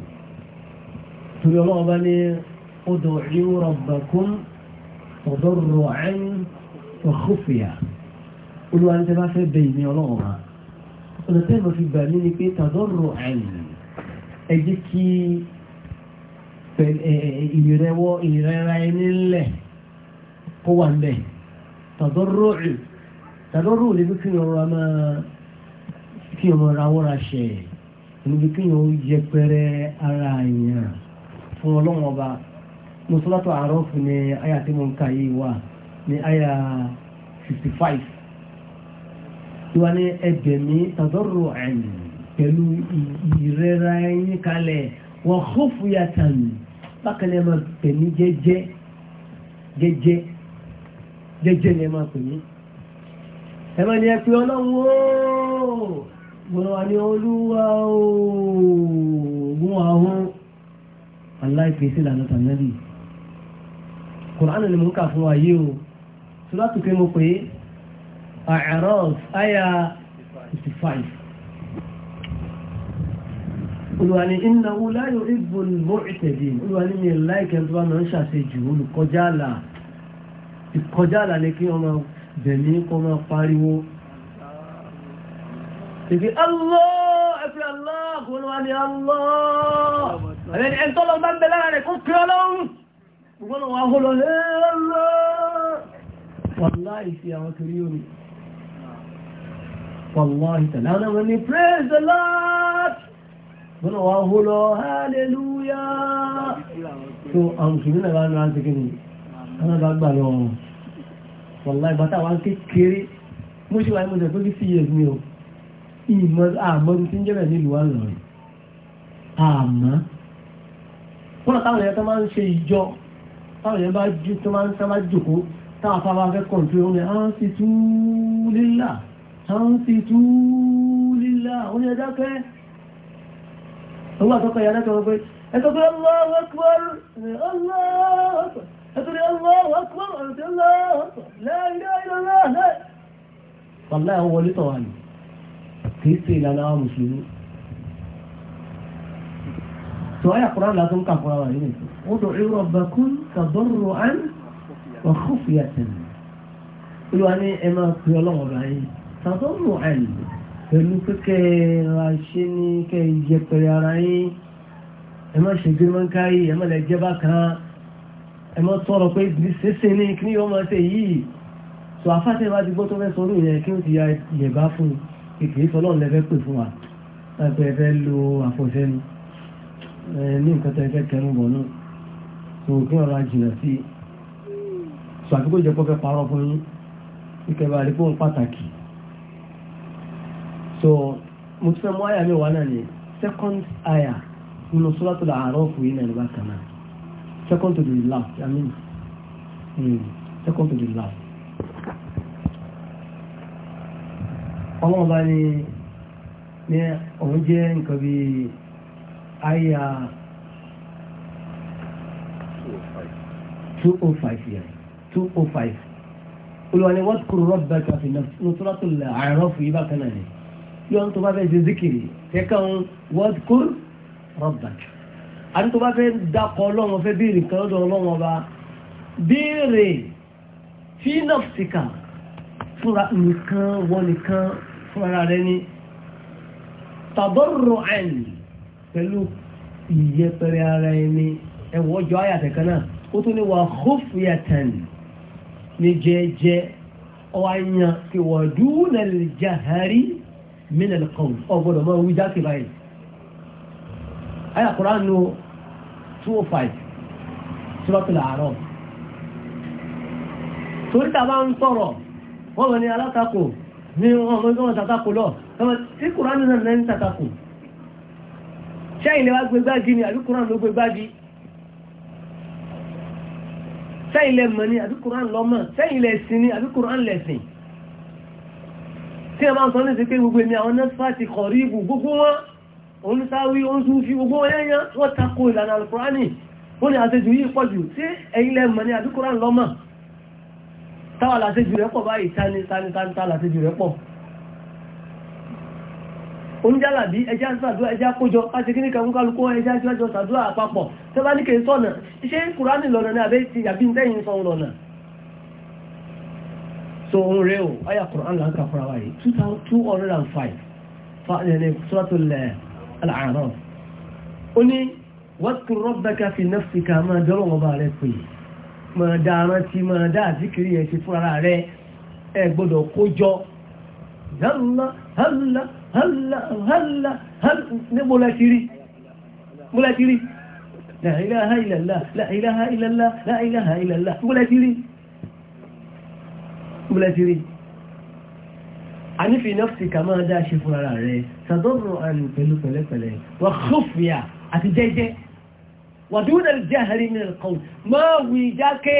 torí ọlọ́wọ̀n ní ud'u rabbakum tadarru'an wa olúwa ní tẹ́ bá fẹ́ bẹ ìní ọ̀nà tẹ́ mọ̀ fi gbà mí ni pé tàdọ́rọ̀ àyìn ẹ jẹ́ kí ìrẹwọ́ ìrẹra ẹni ńlẹ̀ kó wà ńbẹ̀ tàdọ́rọ̀ àyìn tàdọ́rọ̀ lè fi kí ọ̀rọ̀ máa kí ọmọ ra wọ́ra ṣe níbi kí yóò yẹpẹrẹ ara èèyàn fún ọlọ́wọ́n ọba mùsùlùmí àárọ̀ fún ni àyà tí mo ń ka yìí wà ní àyà fifty ìwà ní ẹbẹ̀mí tàdọ́rọ̀ ẹ̀yìn pẹ̀lú ìrẹ́ra ẹ̀yìn kalẹ̀ wọ́n hófù yàtàn bákan ẹ̀ máa pè ní jẹ́jẹ́ jẹ́jẹ́ jẹ́jẹ́ ni ẹ máa pè ní. ẹ máa ní ẹ pé ọlọ́run ooo gbọ́dọ̀ wà ní olúwa ooo gún àwọn aláìpèsè lànà tàbí. kùránù ni mò ń kà fún wa yìí o sọlá tó ké pè é. A'raf aya 55 olùwàní iná wúláyò ìbò mọ́ìtẹ̀dì olùwàní ní láìkẹ́ tó bá mọ́ ń ṣàṣejù olùkọjáàlà ìkọjáàlà ní kí ọmọ bẹ̀mí kọ mọ́ pariwo ìfi Allah ẹ̀fẹ́ Allah olùwàní Allah ẹ̀yẹn tọ́lọ bá bẹ láàrẹ̀ kó pẹ́ ọlọ́run ìgbọ́n wàláhì tẹ̀lé àwọn ọmọ ní praise the lord gbọ́nà wà hó lọ hallelujah so àwọn òṣèlú náà bá ń rántí kí ni wọ́n bá gbà lọ wọn wàláhì bàtà wà kékeré mo ṣe wà ní mo ṣe tó kí sí yẹn mi o ìmọ̀ àmọ́ tí ń jẹ́rẹ̀ nílùú wà lọ́rùn àmọ́ kúrò táwọn èèyàn tó máa ń ṣe ìjọ táwọn èèyàn bá sáńsìtú lílá oní ẹ̀dákẹ́ ọgbà tọ́kọ̀ ìyàdákẹ́ wọ́n pé ẹ̀tọ́kọ̀ Allahu Akbar Allahu Akbar ẹ̀tọ́rẹ́ Allahu Akbar ọ̀rọ̀tẹ́ Allahu Akbar la ilaha illallah náà wàlá ẹ̀wọ̀n wọlé tọ̀wà ní kìí sí ìlànà àwọn mùsùlùmí tó ayà kúrò àlá tó ń kà fúnra wà nínú tàbọ́mù ẹ̀lì pẹ̀lú pẹ́kẹ́ ra ṣe ní kẹ́ yẹpẹrẹ ara yín ẹ má ṣe gbémọ́ káyé ẹ má lẹ jẹ́ bákan ẹ má tọrọ pé ṣẹṣẹ ní kí ni yóò máa ṣe yìí tó afáṣẹ́ bá ti gbọ́ tó fẹ́ sọ lóyún yẹn kí ó ti ya yẹ̀bá fún kékeré sọlọ́run lẹ́fẹ́ pè fún wa láti ẹ̀fẹ́ lo àfọ̀ṣẹ́ ní nǹkan tó ẹ̀fẹ́ kẹrù bọ̀ náà tó kí ọ̀rọ̀ àjìnà sí so mo ti fẹ́ mú àyà mi náà ni second àyà nínú Suratul A'raf yìí náà nígbà kan second to the last I mean mm, second to the last. ọlọ́run bá ní ní òun jẹ́ nǹkan bí àyà 205 yẹn 205 olùwàlẹ̀ wọ́n kúrò rọ́bà kàfin náà nínú Suratul A'raf yìí bákan náà ni lọ́nà tó bá fẹ́ ṣe zikiri kẹ́kàn wadkur rabbak àti tó bá fẹ́ dákọ̀ ọlọ́run fẹ́ béèrè nǹkan lọ́dọ̀ ọlọ́run ọba béèrè fi nafsika fúnra nìkan wọ́n nìkan fúnra rẹ ní tadarru'an pẹ̀lú ìyẹpẹrẹ ara ẹni ẹ̀wọ̀ ọjọ́ àyàtẹ̀kan náà ó tún ní wà khufyatan ní jẹ́jẹ́ ọ̀wá yan kí wọ́n dúnà lè jahari minel kan ọgbọ́dọ̀ mọ́ wí jáde báyìí ayà Kùránì 205 suratul A'raf torí tàbá ń sọ̀rọ̀ wọ́n wọ́n ni alátakò ní ọmọ ìgbọ́n tàtakò lọ tí Kùránì náà lẹ́ni tàtakò ṣẹ́yìn lẹ́wà gbẹgbági ni àbí Kùránì ló gbẹgbági ṣẹ́yìn lẹ́ mọ̀ ni àbí Kùránì lọ́mọ̀ ṣẹ́yìn lẹ́sìn ni àbí Kùránì lẹ́sìn tí ẹ bá ń sọ ní sí pé gbogbo èmi àwọn nọ́sífàtì kọ̀rí ibù gbogbo wọn oníṣàwí oúnjẹ fi gbogbo ẹyẹyàn wọ́n tako ìlànà alukurani wọ́n ni àṣejù yìí pọ̀ jù tí ẹ̀yin lẹ mọ̀ ní àdúkùrán lọ́mọ̀ táwà làṣejù rẹ̀ pọ̀ báyìí tani tani tani tani làṣejù rẹ̀ pọ̀ oníjàlàbí ẹjá sàdúrà ẹjá kójọ láti kí ní kẹfún kálukú ẹjá síwájọ sàdúrà àpapọ̀ tẹ́bá ní kèé sọ̀nà iṣẹ́ kùránì lọ́nà ní àbẹ́ ti yàbí ń tẹ́yìn sọ lọ́nà so ń rẹ o ayà Qur'an là ka kà fúnra wa yìí two hundred and five fa ẹni eh, eh, Suratul eh, A'raf ó ní wadhkur rabbaka fi nafsika máa dọ́rọ̀ wọn bá rẹ ma máa ma arántí máa dá àzíkiri yẹn ṣe fúnra rẹ ẹ gbọ́dọ̀ kó jọ hàlá hàlá hàlá hàlá hàlá níbo lẹ́kiri níbo lẹ́kiri la ilaha illallah la ilaha illallah la ilaha illallah níbo lẹ́kiri gbọ́lẹ̀ ti rí ànífi nọ́fsì ká máa dá ṣe fún ara rẹ̀ sàdọ́rọ̀ àrùn pẹ̀lú pẹ̀lẹ́pẹ̀lẹ́ wà kọ́fìyà àti jẹ́jẹ́ wà dúró dẹ̀ jẹ́ àhárí mi rẹ̀ kọ́ máa wì jákè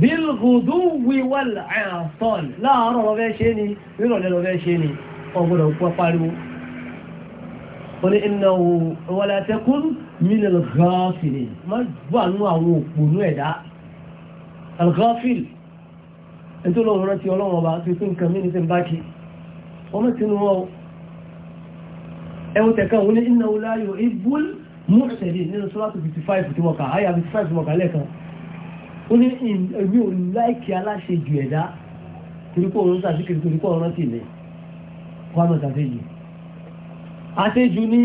bílgùdú wì wà láàfọ́n láàárọ̀ lọ fẹ́ ṣe ni nírọ̀lẹ́ lọ fẹ́ ẹni tó lọ́wọ́ rántí ọlọ́wọ́ ọba tó fi nǹkan mínú sí ń bá kí ọmọ sínú wọn ẹwọ́n tẹ̀ka òun ní iná oláyò ìbúl mọ́sẹ̀lì nínú sọ́látù 55 tí wọ́n kà áyà 55 tí wọ́n kà lẹ́ẹ̀kan ó ní èmi ò láìkí aláṣẹ jù ẹ̀dá torípò òun sàṣíkiri torípò ọ̀rọ̀ tì ní kwamọ̀ sàṣẹ́jù àṣẹ́jù ní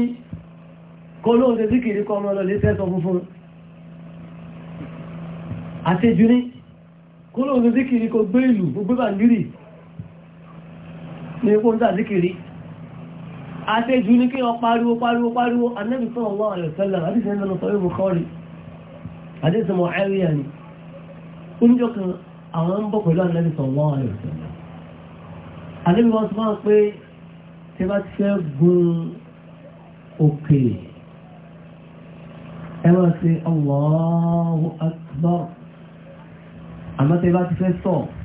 kọlóòdé síkiri kọmọ lọ lé sẹ́sọ funfun àṣẹ́jù ní kó lóun ṣe síkiri kó gbé ìlú kó gbé bàndírì ní epo ń tà síkiri àtẹ́jú ní kí wọ́n pariwo pariwo pariwo anẹ́bí sallallahu alaihi wasallam àdíṣẹ́ ìlànà sọ́rọ̀ Bukhari àdíṣẹ́ mọ̀ ẹ́ríà ni oúnjọ kan àwọn ń bọ̀ pẹ̀lú anẹ́bí sallallahu alaihi wasallam àmọ́ tẹ́ bá